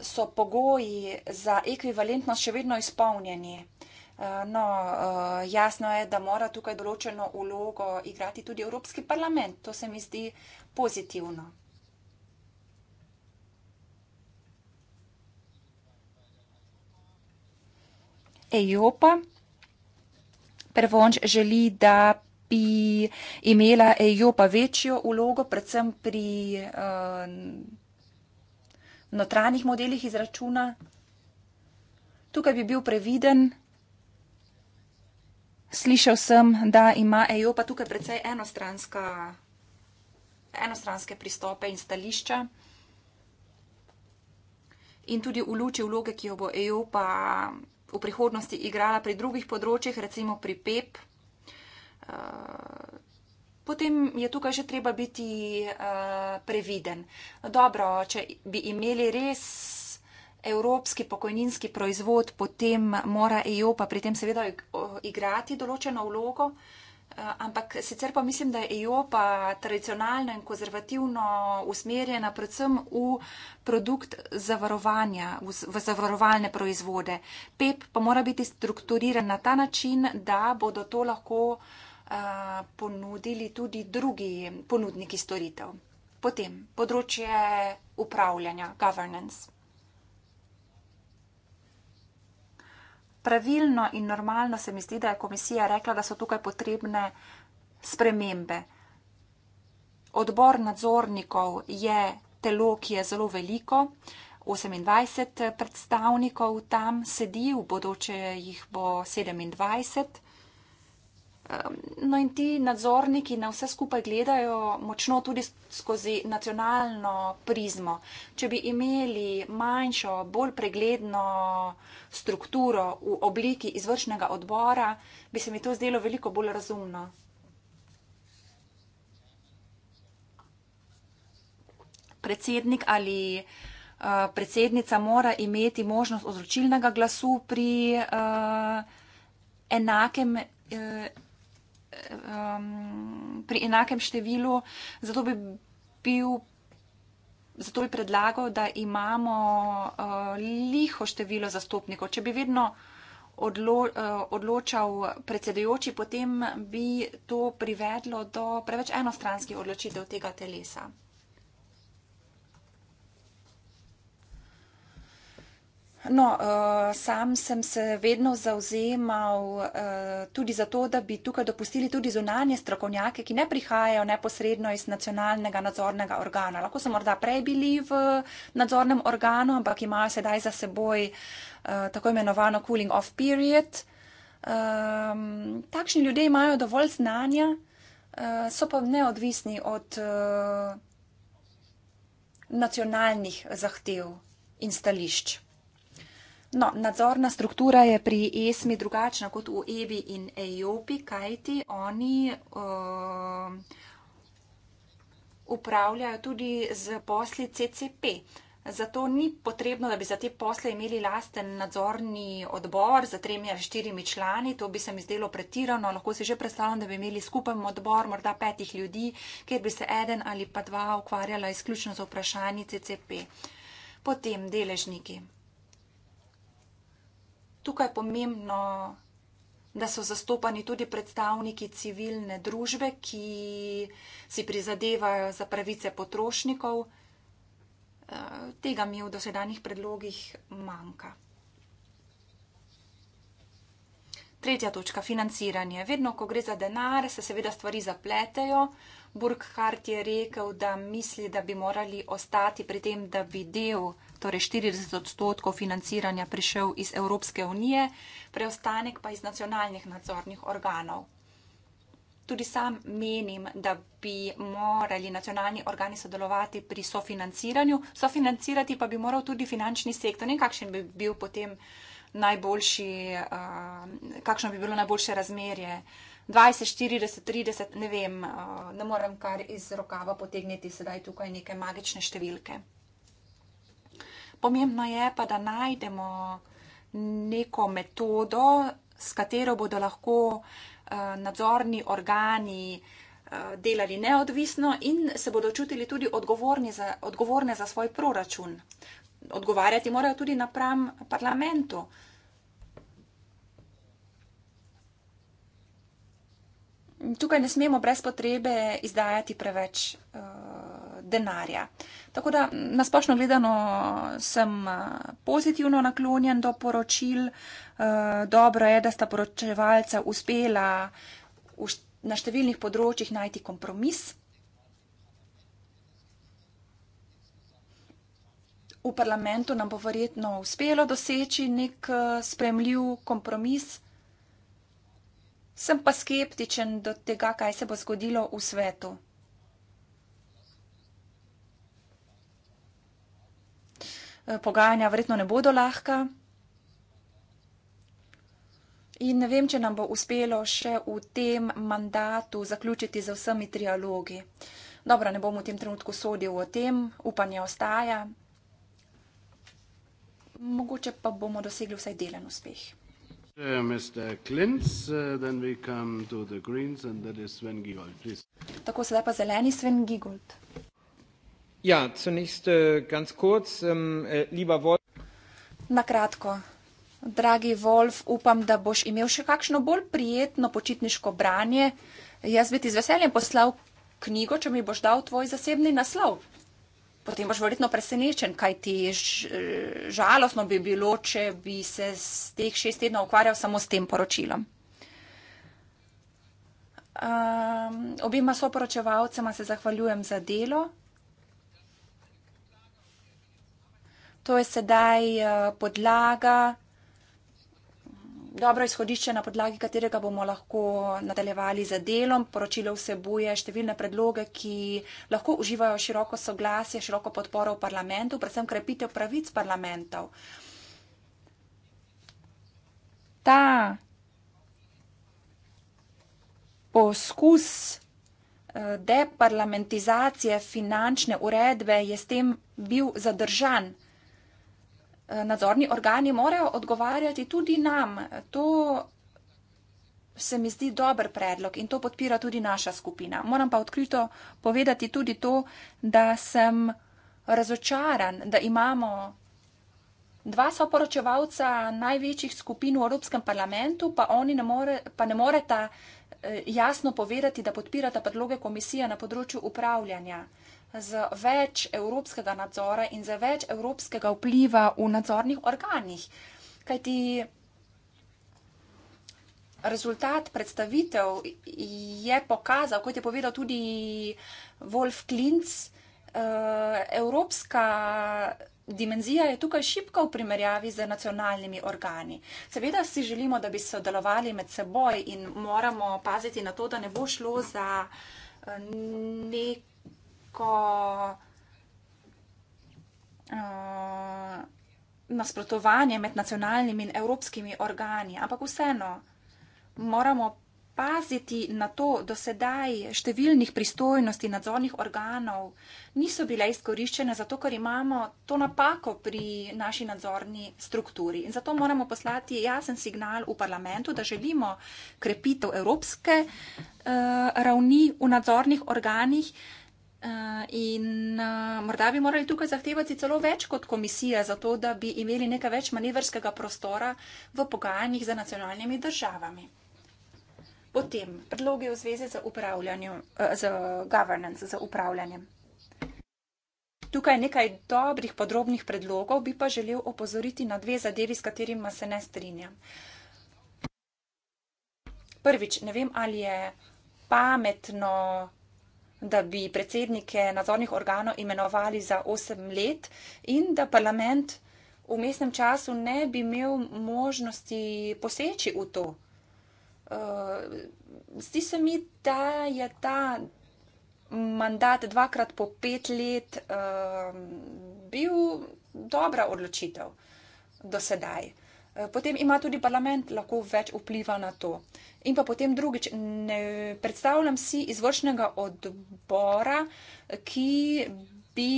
so pogoji za ekvivalentnost še vedno izpolnjeni. Eh, no, eh, jasno je, da mora tukaj določeno ulogo igrati tudi Evropski parlament. To se mi zdi pozitivno. EIOPA prvonč želi, da bi imela EIOPA večjo ulogo, predvsem pri. Uh, notranjih modelih izračuna. Tukaj bi bil previden. Slišal sem, da ima EU pa tukaj precej enostranske pristope in stališča. In tudi v luči vloge, ki jo bo EU pa v prihodnosti igrala pri drugih področjih, recimo pri PEP. E potem je tukaj še treba biti uh, previden. Dobro, če bi imeli res evropski pokojninski proizvod, potem mora EU pa pri tem seveda igrati določeno vlogo. Eh, ampak sicer pa mislim, da je Evropa tradicionalno in konzervativno usmerjena predvsem v produkt zavarovanja, v zavarovalne proizvode. PEP pa mora biti strukturiran na ta način, da bodo to lahko uh, ponudili tudi drugi ponudniki storitev. Potem področje upravljanja, governance. Pravilno in normalno se mi zdi, da je komisija rekla, da so tukaj potrebne spremembe. Odbor nadzornikov je telo, ki je zelo veliko, 28 predstavnikov tam sedi, v bodoče jih bo 27. No in ti nadzorniki na vse skupaj gledajo močno tudi skozi nacionalno prizmo. Če bi imeli manjšo, bolj pregledno strukturo v obliki izvršnega odbora, bi se mi to zdelo veliko bolj razumno. Predsednik ali eh, predsednica mora imeti možnost odločilnega glasu pri eh, enakem eh, um, pri enakem številu, zato bi, bil, zato bi predlagal, da imamo uh, liho število zastopnikov. Če bi vedno odlo, uh, odločal predsedujoči, potem bi to privedlo do preveč enostranskih odločitev tega telesa. No, eh, sam sem se vedno zauzemal eh, tudi za to, da bi tukaj dopustili tudi zunanje strokovnjake, ki ne prihajajo neposredno iz nacionalnega nadzornega organa. Lahko so morda prej bili v nadzornem organu, ampak imajo sedaj za seboj eh, tako imenovano cooling off period. Ehm, takšni ljudje imajo dovolj znanja, so pa neodvisni od nacionalnih zahtev in stališč. No, nadzorna struktura je pri ESMI drugačna kot v EBI in EIOPI, kajti oni uh, upravljajo tudi z posli CCP. Zato ni potrebno, da bi za te posle imeli lasten nadzorni odbor za tremi ali štirimi člani. To bi se mi zdelo pretirano. Lahko si že predstavljam, da bi imeli skupaj odbor morda petih ljudi, kjer bi se eden ali pa dva ukvarjala izključno z vprašanji CCP. Potem deležniki. Tukaj je pomembno, da so zastopani tudi predstavniki civilne družbe, ki si prizadevajo za pravice potrošnikov. Eh, tega mi v dosedanjih predlogih manjka. Tretja točka, financiranje. Vedno, ko gre za denar, se seveda stvari zapletejo, Burkhardt je rekel, da misli, da bi morali ostati pri tem, da bi del, torej 40 odstotkov financiranja prišel iz Evropske unije, preostanek pa iz nacionalnih nadzornih organov. Tudi sam menim, da bi morali nacionalni organi sodelovati pri sofinanciranju, sofinancirati pa bi moral tudi finančni sektor. In kakšen bi bil potem najboljši, uh, kakšno bi bilo najboljše razmerje uh, 20, 40, 30, ne vem, eh, ne morem kar iz rokava potegniti sedaj tukaj neke magične številke. Pomembno je pa, da najdemo neko metodo, s katero bodo lahko eh, nadzorni organi eh, delali neodvisno in se bodo čutili tudi za, odgovorne za svoj proračun. Odgovarjati morajo tudi napram parlamentu. tukaj ne smemo brez potrebe izdajati preveč uh, denarja. Tako da nasplošno gledano sem eh, pozitivno naklonjen do poročil. Uh, dobro je, da sta poročevalca uspela št na številnih področjih najti kompromis. V parlamentu nam bo verjetno uspelo doseči nek spremljiv kompromis sem pa skeptičen do tega, kaj se bo zgodilo v svetu. Eh, pogajanja verjetno ne bodo lahka. In ne vem, če nam bo uspelo še v tem mandatu zaključiti z vsemi trialogi. Dobro, ne bom v tem trenutku sodil o tem, upanje ostaja. Mogoče pa bomo dosegli vsaj delen uspeh. Uh, Mr. Klintz, uh, then we come to the Greens, and that is Sven Giegold, please. Tako sedaj pa zeleni Sven Giegold. Ja, zunächst äh, ganz kurz, ähm, äh, lieber Wolf. Na kratko. Dragi Wolf, upam, da boš imel še kakšno bolj prijetno počitniško branje. Jaz bi ti z veseljem poslal knjigo, če mi boš dal tvoj zasebni naslov potem boš verjetno presenečen, kaj ti žalostno bi bilo, če bi se z teh šest tednov ukvarjal samo s tem poročilom. Um, ehm, obima soporočevalcema se zahvaljujem za delo. To je sedaj eh, podlaga dobro izhodišče, na podlagi katerega bomo lahko nadaljevali z delom. Poročilo vsebuje številne predloge, ki lahko uživajo široko soglasje, široko podporo v parlamentu, predvsem krepitev pravic parlamentov. Ta poskus eh, deparlamentizacije finančne uredbe je s tem bil zadržan. Eh, nadzorni organi morajo odgovarjati tudi nam. To se mi zdi dober predlog in to podpira tudi naša skupina. Moram pa odkrito povedati tudi to, da sem razočaran, da imamo dva soporočevalca največjih skupin v Evropskem parlamentu, pa oni ne, more, pa ne moreta eh, jasno povedati, da podpirata predloge komisije na področju upravljanja z več evropskega nadzora in z več evropskega vpliva v nadzornih organih. Kajti rezultat predstavitev je pokazal, kot je povedal tudi Wolf Klinc, eh, evropska dimenzija je tukaj šipka v primerjavi z nacionalnimi organi. Seveda si želimo, da bi sodelovali med seboj in moramo paziti na to, da ne bo šlo za eh, nek neko uh, eh, nasprotovanje med nacionalnimi in evropskimi organi, ampak vseeno moramo paziti na to, da sedaj številnih pristojnosti nadzornih organov niso bile izkoriščene, zato ker imamo to napako pri naši nadzorni strukturi. In zato moramo poslati jasen signal v parlamentu, da želimo krepitev evropske uh, ravni v nadzornih organih, uh, Eh, in uh, morda bi morali tukaj zahtevati celo več kot komisija, zato da bi imeli nekaj več manevrskega prostora v pogajanjih za nacionalnimi državami. Potem predloge v zvezi z upravljanjem, uh, z governance, z upravljanjem. Tukaj nekaj dobrih podrobnih predlogov bi pa želel opozoriti na dve zadevi, s katerima se ne strinjam. Prvič, ne vem, ali je pametno da bi predsednike nadzornih organov imenovali za 8 let in da parlament v mestnem času ne bi imel možnosti poseči v to. Uh, zdi se mi, da je ta mandat dvakrat po pet let uh, bil dobra odločitev do sedaj. Eh, potem ima tudi parlament lahko več vpliva na to. In pa potem drugič, ne predstavljam si izvršnega odbora, ki bi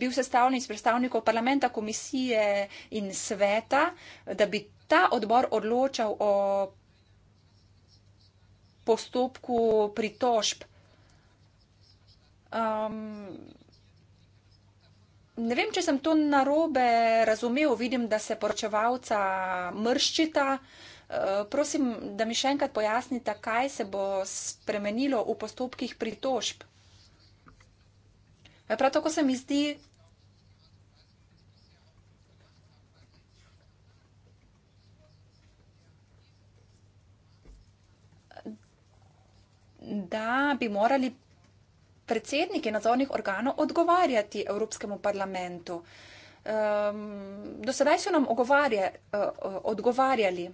bil sestavljen iz predstavnikov parlamenta, komisije in sveta, da bi ta odbor odločal o postopku pritožb. Um, ne vem, če sem to narobe razumel, vidim, da se poročevalca mrščita. Eh, prosim, da mi še enkrat pojasnite, kaj se bo spremenilo v postopkih pritožb. Eh, prav tako se mi zdi. da bi morali predsedniki nadzornih organov odgovarjati Evropskemu parlamentu. Um, do sedaj so nam ogovarja, uh, eh, odgovarjali.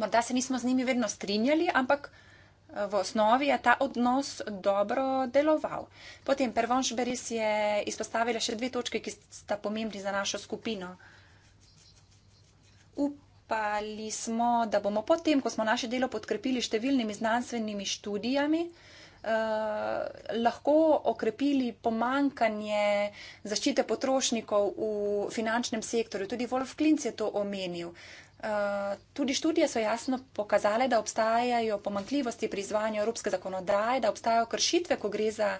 Morda se nismo z njimi vedno strinjali, ampak eh, v osnovi je ta odnos dobro deloval. Potem Pervonš Beris je izpostavila še dve točke, ki sta pomembni za našo skupino. Upali smo, da bomo potem, ko smo naše delo podkrepili številnimi znanstvenimi študijami, uh, Eh, lahko okrepili pomankanje zaščite potrošnikov v finančnem sektorju. Tudi Wolf Klinc je to omenil. Eh, tudi študije so jasno pokazale, da obstajajo pomankljivosti pri izvajanju evropske zakonodaje, da obstajajo kršitve, ko gre za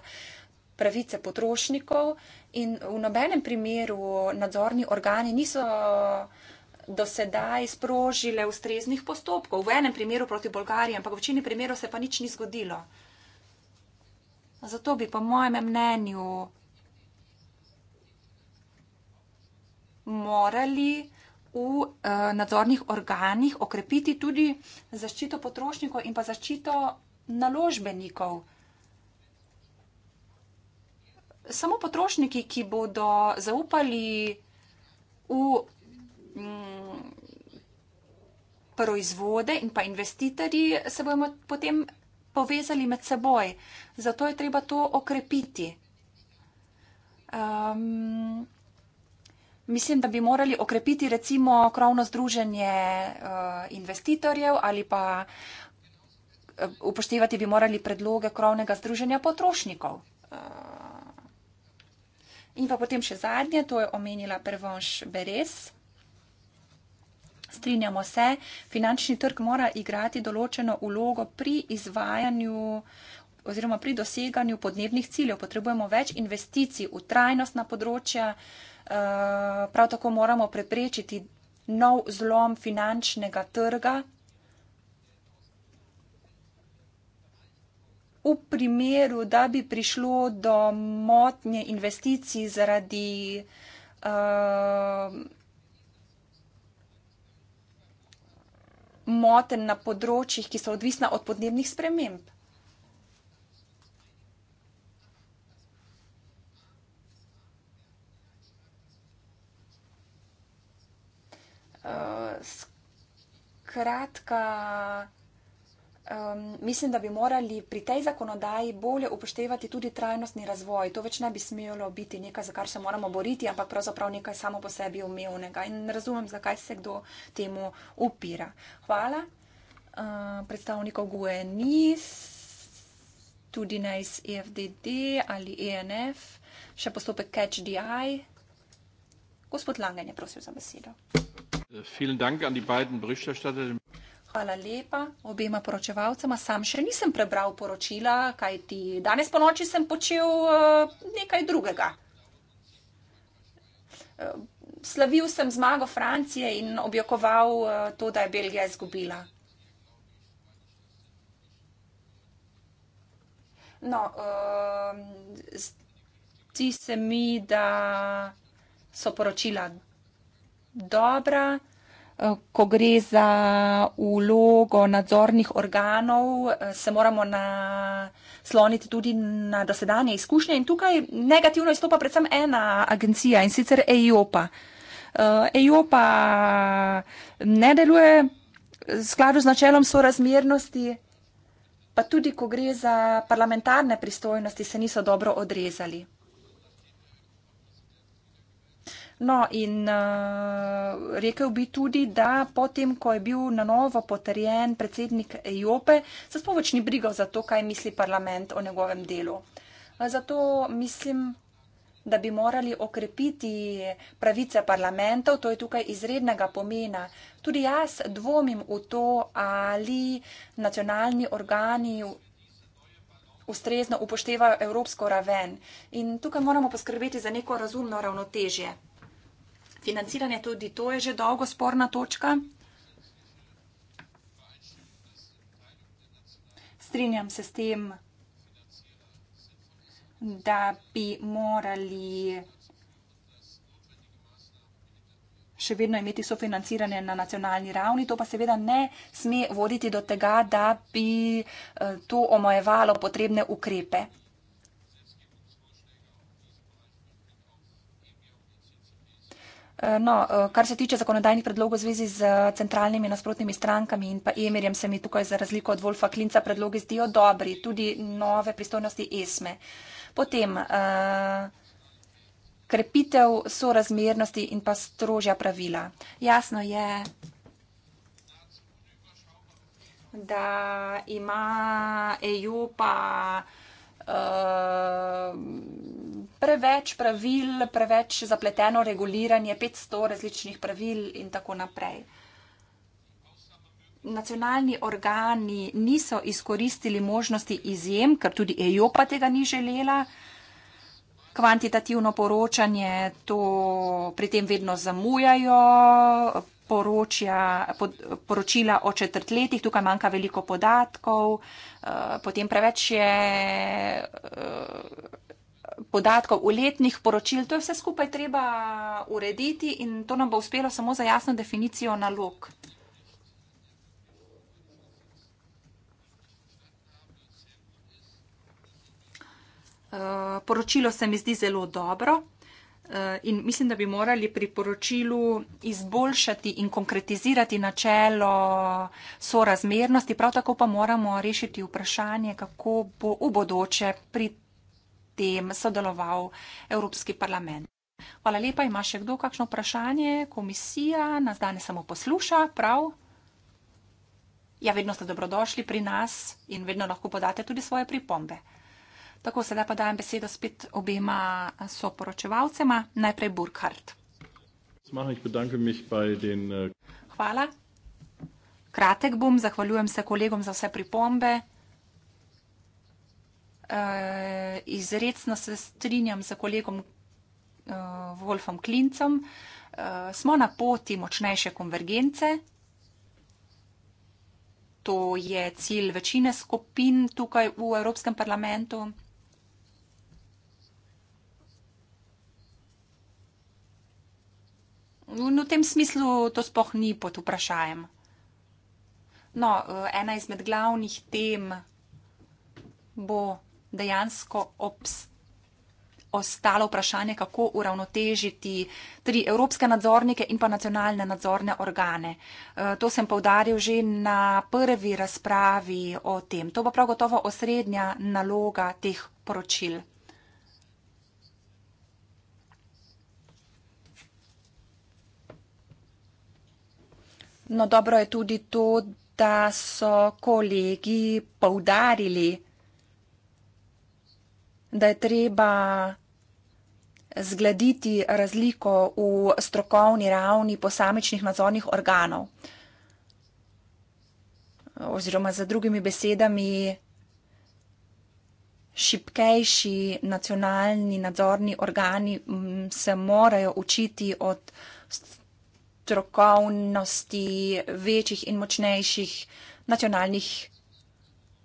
pravice potrošnikov in v nobenem primeru nadzorni organi niso eh, dosedaj sprožile ustreznih postopkov. V enem primeru proti Bolgariji, ampak v večini primerov se pa nič ni zgodilo. Zato bi po mojem mnenju morali v eh, nadzornih organih okrepiti tudi zaščito potrošnikov in pa zaščito naložbenikov. Samo potrošniki, ki bodo zaupali v mm, proizvode in pa investitorji, se bomo potem povezali med seboj. Zato je treba to okrepiti. Um, mislim, da bi morali okrepiti recimo krovno združenje uh, investitorjev ali pa uh, upoštevati bi morali predloge krovnega združenja potrošnikov. Uh, in pa potem še zadnje, to je omenila Prvonš Beres. Strinjamo se, finančni trg mora igrati določeno ulogo pri izvajanju oziroma pri doseganju podnebnih ciljev. Potrebujemo več investicij v trajnostna področja, eh, prav tako moramo preprečiti nov zlom finančnega trga. V primeru, da bi prišlo do motnje investicij zaradi eh, motenj na področjih, ki so odvisna od podnebnih sprememb. Uh, skratka um, mislim, da bi morali pri tej zakonodaji bolje upoštevati tudi trajnostni razvoj. To več ne bi smelo biti nekaj, za kar se moramo boriti, ampak pravzaprav nekaj samo po sebi umevnega. In ne razumem, zakaj se kdo temu upira. Hvala. Uh, predstavnikov GUE-NIS, tudi ne iz EFDD ali ENF, še postopek CATCH-DI. Gospod Langen je prosil za besedo. Vielen Dank an die beiden Berichterstatter. Hvala lepa obema poročevalcema. Sam še nisem prebral poročila, kaj ti danes po noči sem počel eh, nekaj drugega. Eh, slavil sem zmago Francije in objokoval eh, to, da je Belgija izgubila. No, ti se mi, da so poročila dobra. Eh, ko gre za ulogo nadzornih organov, eh, se moramo nasloniti tudi na dosedanje izkušnje in tukaj negativno izstopa predvsem ena agencija in sicer EIOPA. EIOPA eh, e ne deluje v skladu z načelom sorazmernosti, pa tudi, ko gre za parlamentarne pristojnosti, se niso dobro odrezali. No, in uh, rekel bi tudi, da potem, ko je bil na novo potrjen predsednik Jope, se spovoč ni brigal za to, kaj misli parlament o njegovem delu. Eh, zato mislim, da bi morali okrepiti pravice parlamentov, to je tukaj izrednega pomena. Tudi jaz dvomim v to, ali nacionalni organi ustrezno upoštevajo evropsko raven. In tukaj moramo poskrbeti za neko razumno ravnotežje financiranje, tudi to je že dolgo sporna točka. Strinjam se s tem, da bi morali še vedno imeti sofinanciranje na nacionalni ravni. To pa seveda ne sme voditi do tega, da bi eh, to omojevalo potrebne ukrepe. Eh, no, eh, kar se tiče zakonodajnih predlogov v zvezi z eh, centralnimi nasprotnimi strankami in pa emirjem, se mi tukaj za razliko od Wolfa Klinca predlogi zdijo dobri, tudi nove pristojnosti ESME. Potem uh, krepitev sorazmernosti in pa strožja pravila. Jasno je, da ima EU pa. Ehm, preveč pravil, preveč zapleteno reguliranje, 500 različnih pravil in tako naprej. Nacionalni organi niso izkoristili možnosti izjem, ker tudi EU pa tega ni želela. Kvantitativno poročanje to pri tem vedno zamujajo, poročja, pod, poročila o četrtletjih, tukaj manjka veliko podatkov, eh, potem preveč je eh, podatkov v letnih poročil. To je vse skupaj treba urediti in to nam bo uspelo samo za jasno definicijo nalog. Eh, poročilo se mi zdi zelo dobro. Eh, in mislim, da bi morali pri poročilu izboljšati in konkretizirati načelo sorazmernosti, prav tako pa moramo rešiti vprašanje, kako bo v bodoče pri tem sodeloval Evropski parlament. Hvala lepa, ima še kdo kakšno vprašanje? Komisija nas danes samo posluša, prav? Ja, vedno ste dobrodošli pri nas in vedno lahko podate tudi svoje pripombe. Tako sedaj pa dajem besedo spet obema eh, soporočevalcema, najprej Burkhardt. Eh, Hvala. Kratek bom, zahvaljujem se kolegom za vse pripombe. Eh, izredno se strinjam z kolegom Wolfom Klincem. Smo na poti močnejše konvergence. To je cilj večine skupin tukaj v Evropskem parlamentu. V, v tem smislu to sploh ni pod vprašanjem. No, e, ena izmed glavnih tem bo dejansko obs. Ostalo vprašanje, kako uravnotežiti tri evropske nadzornike in pa nacionalne nadzorne organe. E, to sem povdaril že na prvi razpravi o tem. To bo prav gotovo osrednja naloga teh poročil. No, dobro je tudi to, da so kolegi poudarili, da je treba zgladiti razliko v strokovni ravni posamičnih nadzornih organov. Oziroma, za drugimi besedami, šipkejši nacionalni nadzorni organi se morajo učiti od strokovnosti večjih in močnejših nacionalnih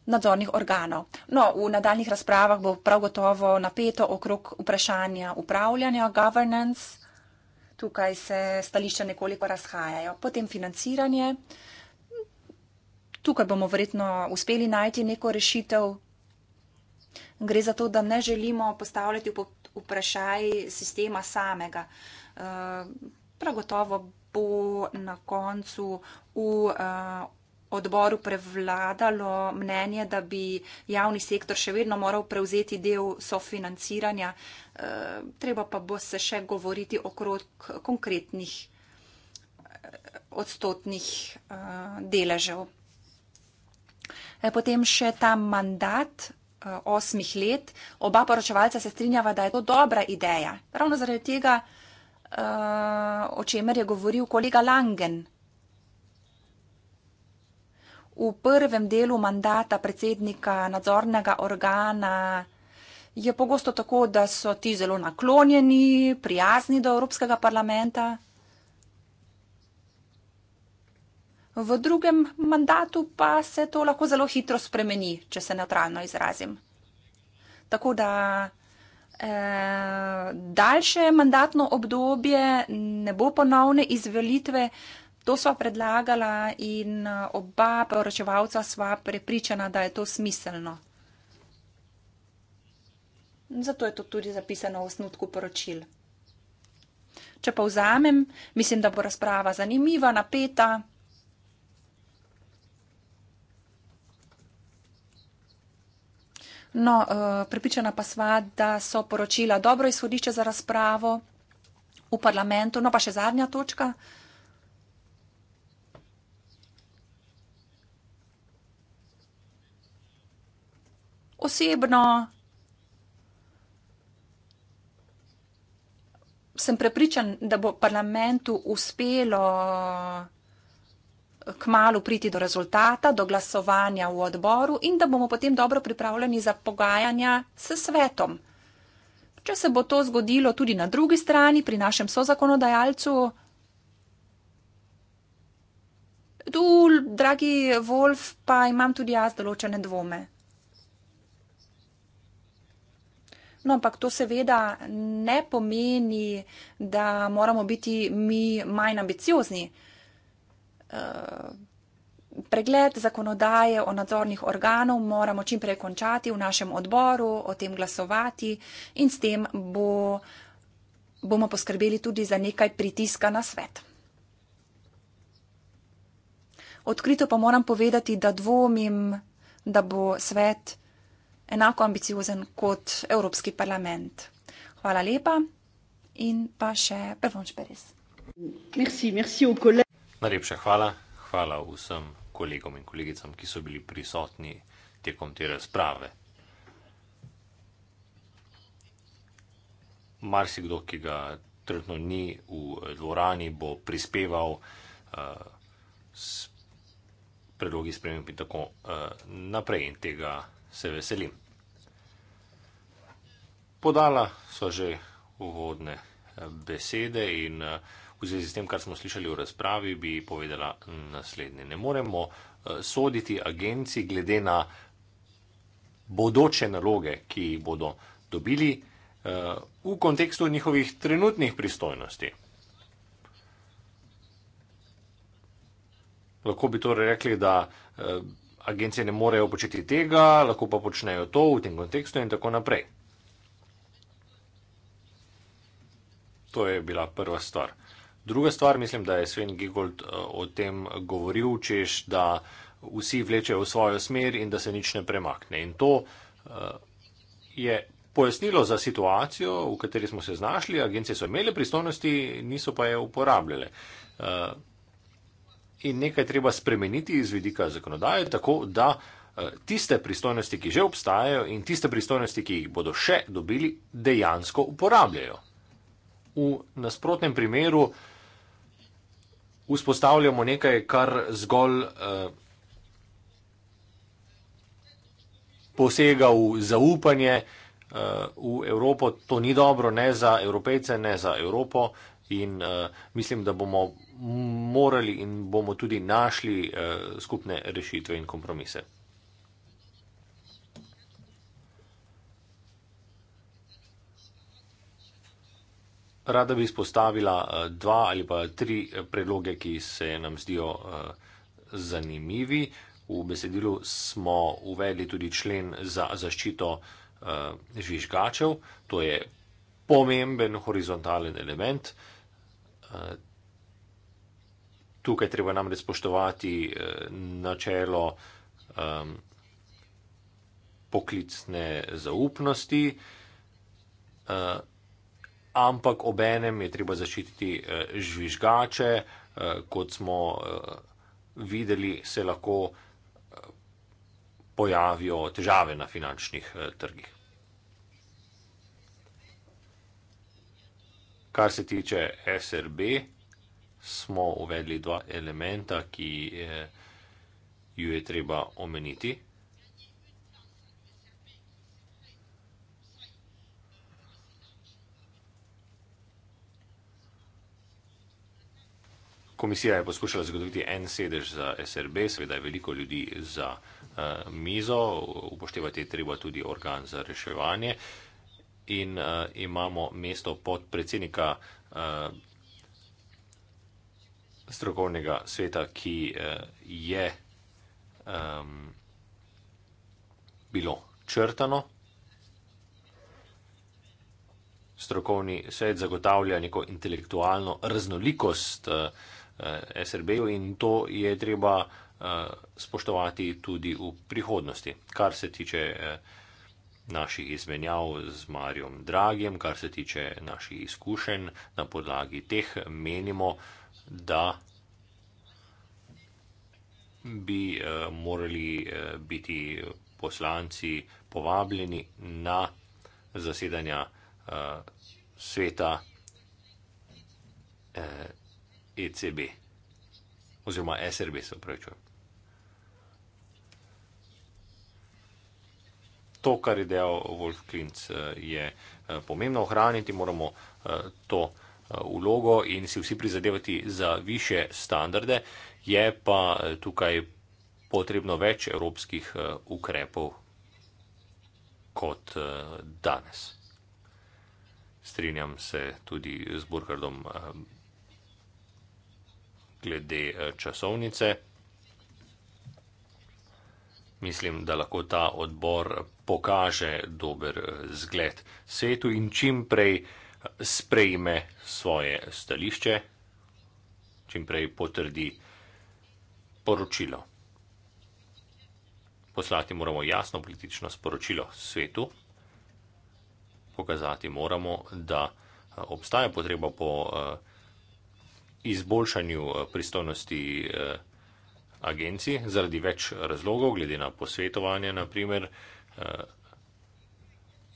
nadzornih organov. No, v nadaljnih razpravah bo prav gotovo napeto okrog vprašanja upravljanja, governance. Tukaj se stališča nekoliko razhajajo. Potem financiranje. Tukaj bomo verjetno uspeli najti neko rešitev. Gre za to, da ne želimo postavljati vprašaj sistema samega. Eh, prav gotovo bo na koncu v eh, odboru prevladalo mnenje, da bi javni sektor še vedno moral prevzeti del sofinanciranja, eh, treba pa bo se še govoriti okrog konkretnih eh, odstotnih deležev. Potem še ta mandat osmih let. Oba poročevalca se strinjava, da je to dobra ideja. Ravno zaradi tega, Eh, o čemer je govoril kolega Langen. V prvem delu mandata predsednika nadzornega organa je pogosto tako, da so ti zelo naklonjeni, prijazni do Evropskega parlamenta. V drugem mandatu pa se to lahko zelo hitro spremeni, če se neutralno izrazim. Tako da Eh, daljše mandatno obdobje, ne bo ponovne izvelitve. To sva predlagala in eh, oba poročevalca sva prepričana, da je to smiselno. Zato je to tudi zapisano v osnutku poročil. Če pa vzamem, mislim, da bo razprava zanimiva, napeta. No, eh, pripričana pa sva, da so poročila dobro izhodišče za razpravo v parlamentu. No, pa še zadnja točka. Osebno sem prepričan, da bo parlamentu uspelo k malu priti do rezultata, do glasovanja v odboru in da bomo potem dobro pripravljeni za pogajanja s svetom. Če se bo to zgodilo tudi na drugi strani, pri našem sozakonodajalcu, tu, dragi Wolf, pa imam tudi jaz določene dvome. No, ampak to seveda ne pomeni, da moramo biti mi manj ambiciozni. Eh, pregled zakonodaje o nadzornih organov moramo čimprej končati v našem odboru, o tem glasovati in s tem bo, bomo poskrbeli tudi za nekaj pritiska na svet. Odkrito pa moram povedati, da dvomim, da bo svet enako ambiciozen kot Evropski parlament. Hvala lepa in pa še Pervonč Beres. Merci, merci Najlepša hvala. Hvala vsem kolegom in kolegicam, ki so bili prisotni tekom te razprave. Marsikdo, ki ga trenutno ni v eh, dvorani, bo prispeval uh, s predlogi sprememb in tako uh, naprej in tega se veselim. Podala so že uvodne besede in uh, V zvezi s tem, kar smo slišali v razpravi, bi povedala naslednje. Ne moremo eh, soditi agenciji glede na bodoče naloge, ki jih bodo dobili eh, v kontekstu njihovih trenutnih pristojnosti. Lahko bi torej rekli, da eh, agencije ne morejo početi tega, lahko pa počnejo to v tem kontekstu in tako naprej. To je bila prva stvar. Druga stvar, mislim, da je Sven Gigold eh, o tem govoril, češ, da vsi vlečejo v svojo smer in da se nič ne premakne. In to eh, je pojasnilo za situacijo, v kateri smo se znašli. Agencije so imele pristojnosti, niso pa je uporabljale. Eh, in nekaj treba spremeniti iz vidika zakonodaje, tako da tiste pristojnosti, ki že obstajajo in tiste pristojnosti, ki jih bodo še dobili, dejansko uporabljajo. V nasprotnem primeru uh, vzpostavljamo nekaj, kar zgolj eh, posega v zaupanje eh, v Evropo. To ni dobro ne za evropejce, ne za Evropo in eh, mislim, da bomo morali in bomo tudi našli skupne rešitve in kompromise. Rada bi izpostavila eh, dva ali pa tri eh, predloge, ki se nam zdijo eh, zanimivi. V besedilu smo uvedli tudi člen za zaščito žvižgačev, to je pomemben horizontalen element. Tukaj treba namreč spoštovati načelo ehm, poklicne zaupnosti ampak obenem je treba zaščititi eh, žvižgače, eh, kot smo eh, videli, se lahko pojavijo težave na finančnih trgih. Kar se tiče SRB, smo uvedli dva elementa, ki ju je treba omeniti. Komisija je poskušala zagotoviti en sedež za SRB, seveda je veliko ljudi za uh, mizo, upoštevati je treba tudi organ za reševanje in uh, imamo mesto pod predsednika uh, eh, strokovnega sveta, ki uh, je um, bilo črtano. Strokovni svet zagotavlja neko intelektualno raznolikost. Uh, Eh, SRB-ju in to je treba eh, spoštovati tudi v prihodnosti. Kar se tiče eh, naših izmenjav z Marjom Dragjem, kar se tiče naših izkušenj na podlagi teh, menimo, da bi morali biti poslanci povabljeni na zasedanja sveta ECB. Oziroma SRB se upravičujem. To, kar je dejal Wolf Klinc, eh, je eh, pomembno ohraniti, moramo eh, to ulogo in si vsi prizadevati za više standarde, je pa tukaj potrebno več evropskih ukrepov kot danes. Strinjam se tudi z Burkardom glede eh, časovnice. Mislim, da lahko ta odbor pokaže dober eh, zgled svetu in čim prej eh, sprejme svoje stališče, čim prej potrdi poročilo. Poslati moramo jasno politično sporočilo svetu, pokazati moramo, da obstaja potreba po uh, izboljšanju eh, pristojnosti eh, agencij zaradi več razlogov, glede na posvetovanje naprimer, eh,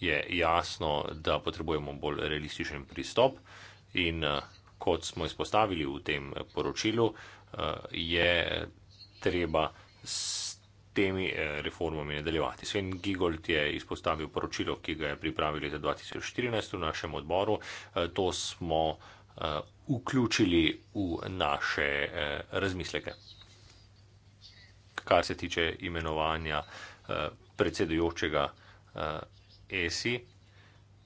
je jasno, da potrebujemo bolj realističen pristop in kot smo izpostavili v tem poročilu, je treba s temi reformami nadaljevati. Sven Gigolt je izpostavil poročilo, ki ga je pripravil leta 2014 v našem odboru. To smo Eh, vključili v naše eh, razmisleke. Kar se tiče imenovanja eh, predsedujočega ESI,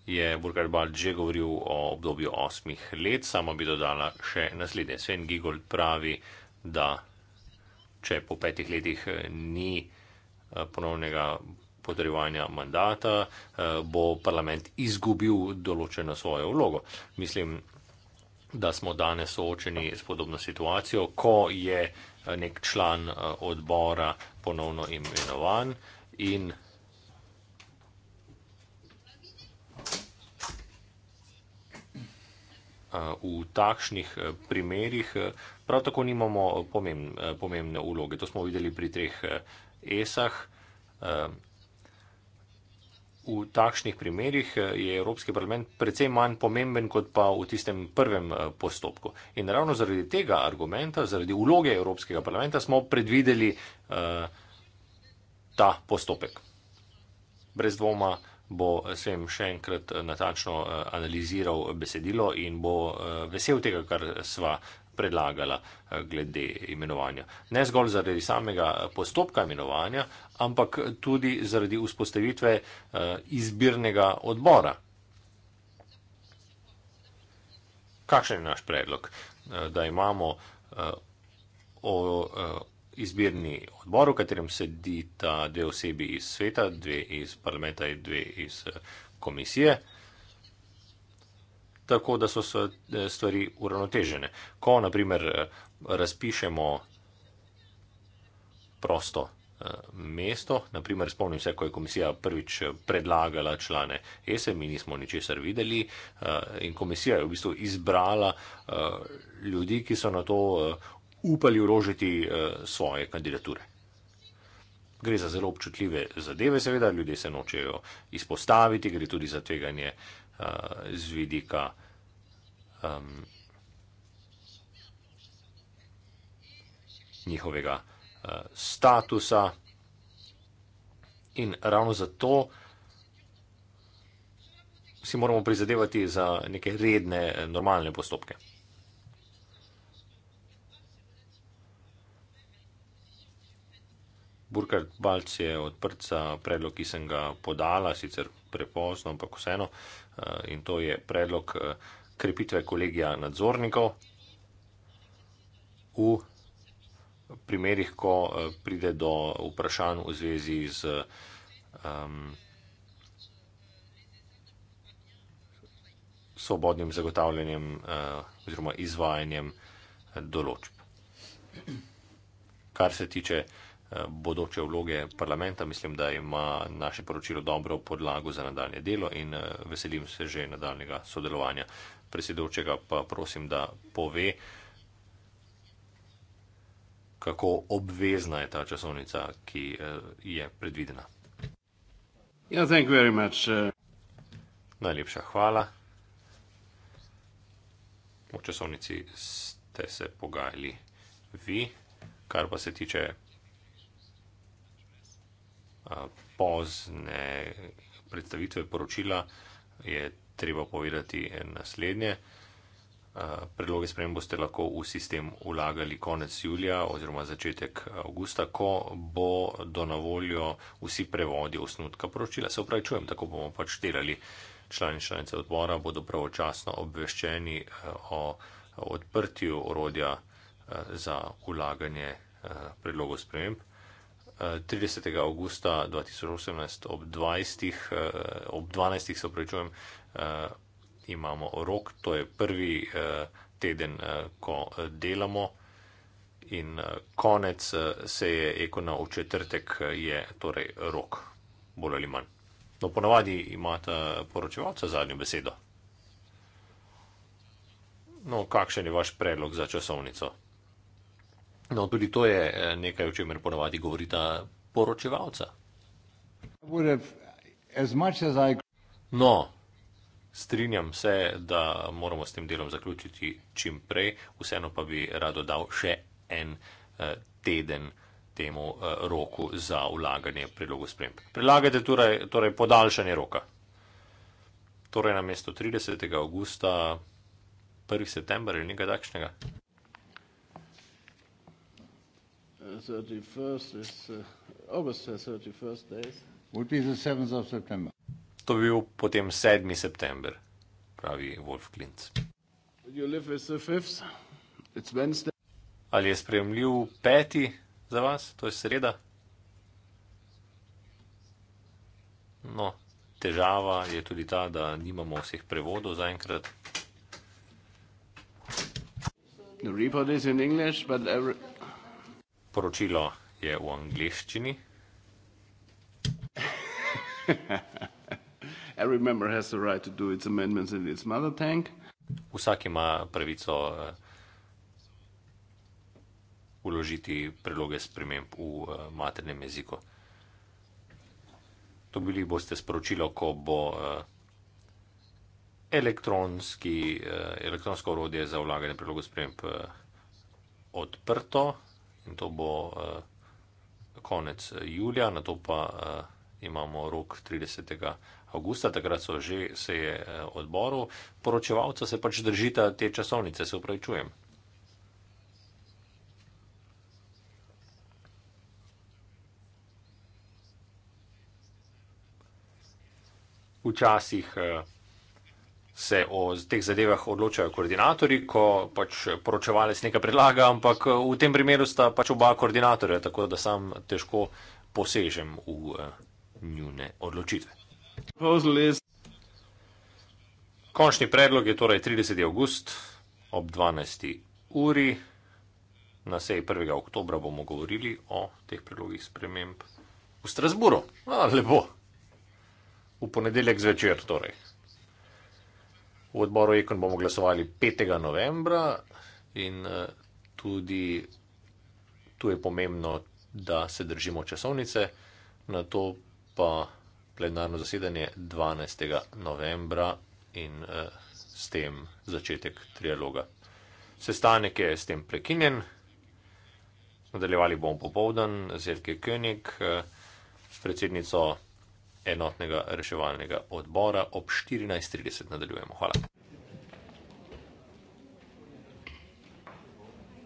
je Burkhard Bald že govoril o obdobju osmih let, samo bi dodala še naslednje. Sven Gigold pravi, da če po petih letih ni ponovnega potrebovanja mandata, bo parlament izgubil določeno svojo vlogo. Mislim, da smo danes soočeni s podobno situacijo, ko je eh, nek član eh, odbora ponovno imenovan in eh, V takšnih primerih prav tako nimamo pomembne, pomembne uloge. To smo videli pri treh ESAH, v takšnih primerjih eh, je Evropski parlament precej manj pomemben kot pa v tistem prvem eh, postopku. In ravno zaradi tega argumenta, zaradi uloge Evropskega parlamenta smo predvideli eh, ta postopek. Brez dvoma bo sem še enkrat natačno analiziral besedilo in bo vesel tega, kar sva predlagala eh, glede imenovanja. Ne zgolj zaradi samega postopka imenovanja, ampak tudi zaradi vzpostavitve eh, izbirnega odbora. Kakšen je naš predlog, eh, da imamo o izbirni odbor, v katerem sedita dve osebi iz sveta, dve iz parlamenta in dve iz komisije? tako, da so eh, stvari uravnotežene. Ko naprimer eh, razpišemo prosto eh, mesto, naprimer spomnim se, ko je komisija prvič predlagala člane ESE, mi nismo ničesar videli in komisija je v bistvu izbrala ljudi, ki so na to upali urožiti svoje kandidature. Gre za zelo občutljive zadeve, seveda ljudje se nočejo izpostaviti, gre tudi za tveganje uh, Eh, z vidika um, njihovega uh, statusa. In ravno zato si moramo prizadevati za neke redne, eh, normalne postopke. Burkard Balc je odprt za predlog, ki sem ga podala, sicer prepozno, ampak vseeno. Uh, Eh, in to je predlog eh, krepitve kolegija nadzornikov v primerih, ko eh, pride do vprašanj v zvezi z svobodnim zagotavljanjem oziroma izvajanjem določb. Kar se tiče Eh, bodoče vloge parlamenta. Mislim, da ima naše poročilo dobro podlago za nadaljne delo in eh, veselim se že nadaljnega sodelovanja. Presedočega pa prosim, da pove, kako obvezna je ta časovnica, ki eh, je predvidena. Ja, yeah, Najlepša hvala. V časovnici ste se pogajali vi, kar pa se tiče pozne predstavitve poročila je treba povedati naslednje. Predloge sprem boste lahko v sistem vlagali konec julija oziroma začetek avgusta, ko bo do navoljo vsi prevodi osnutka poročila. Se upravičujem, tako bomo pač delali. Člani članice odbora bodo pravočasno obveščeni o odprtju orodja za vlaganje predlogov sprememb. 30. augusta 2018 ob 20. Eh, ob 12. opravičujem, eh, imamo rok, to je prvi eh, teden, ko delamo in konec se je ekona v četrtek je torej rok, bolj ali manj. No, ponavadi imate poročevalca zadnjo besedo. No, kakšen je vaš predlog za časovnico? No, tudi to je eh, nekaj, o čemer ponovadi govorita poročevalca. No, strinjam se, da moramo s tem delom zaključiti čim prej, vseeno pa bi rado dal še en eh, teden temu eh, roku za vlaganje predlogu sprememb. Predlagate torej, torej podaljšanje roka. Torej na mesto 30. augusta, 1. september ali nekaj takšnega. Uh, to bi bil potem 7. september, pravi Wolf Klint. Ali je sprejemljiv 5. za vas, to je sreda? No, težava je tudi ta, da nimamo vseh prevodov zaenkrat. The report is in English, but every poročilo je v angliščini. Vsak ima pravico uložiti eh, predloge sprememb v eh, maternem jeziku. To bili boste sporočilo, ko bo eh, elektronski, elektronsko orodje za vlaganje predlogov sprememb odprto in to bo uh, konec eh, julija, na to pa uh, imamo rok 30. augusta, takrat so že se je uh, odboru poročevalca, se pač držita te časovnice, se upravičujem. Včasih uh, se o teh zadevah odločajo koordinatorji, ko pač poročevalec nekaj predlaga, ampak eh, v tem primeru sta pač oba koordinatorja, tako da sam težko posežem v eh, njune odločitve. Končni predlog je torej 30. august ob 12. uri. Na seji 1. oktobra bomo govorili o teh predlogih sprememb v Strasburu. A, lepo. V ponedeljek zvečer torej. V odboru Ekon bomo glasovali 5. novembra in eh, tudi tu je pomembno, da se držimo časovnice, na to pa plenarno zasedanje 12. novembra in eh, s tem začetek trialoga. Sestanek je s tem prekinjen, nadaljevali bomo popovdan z Elke König, eh, predsednico enotnega reševalnega odbora ob 14.30 nadaljujemo. Hvala.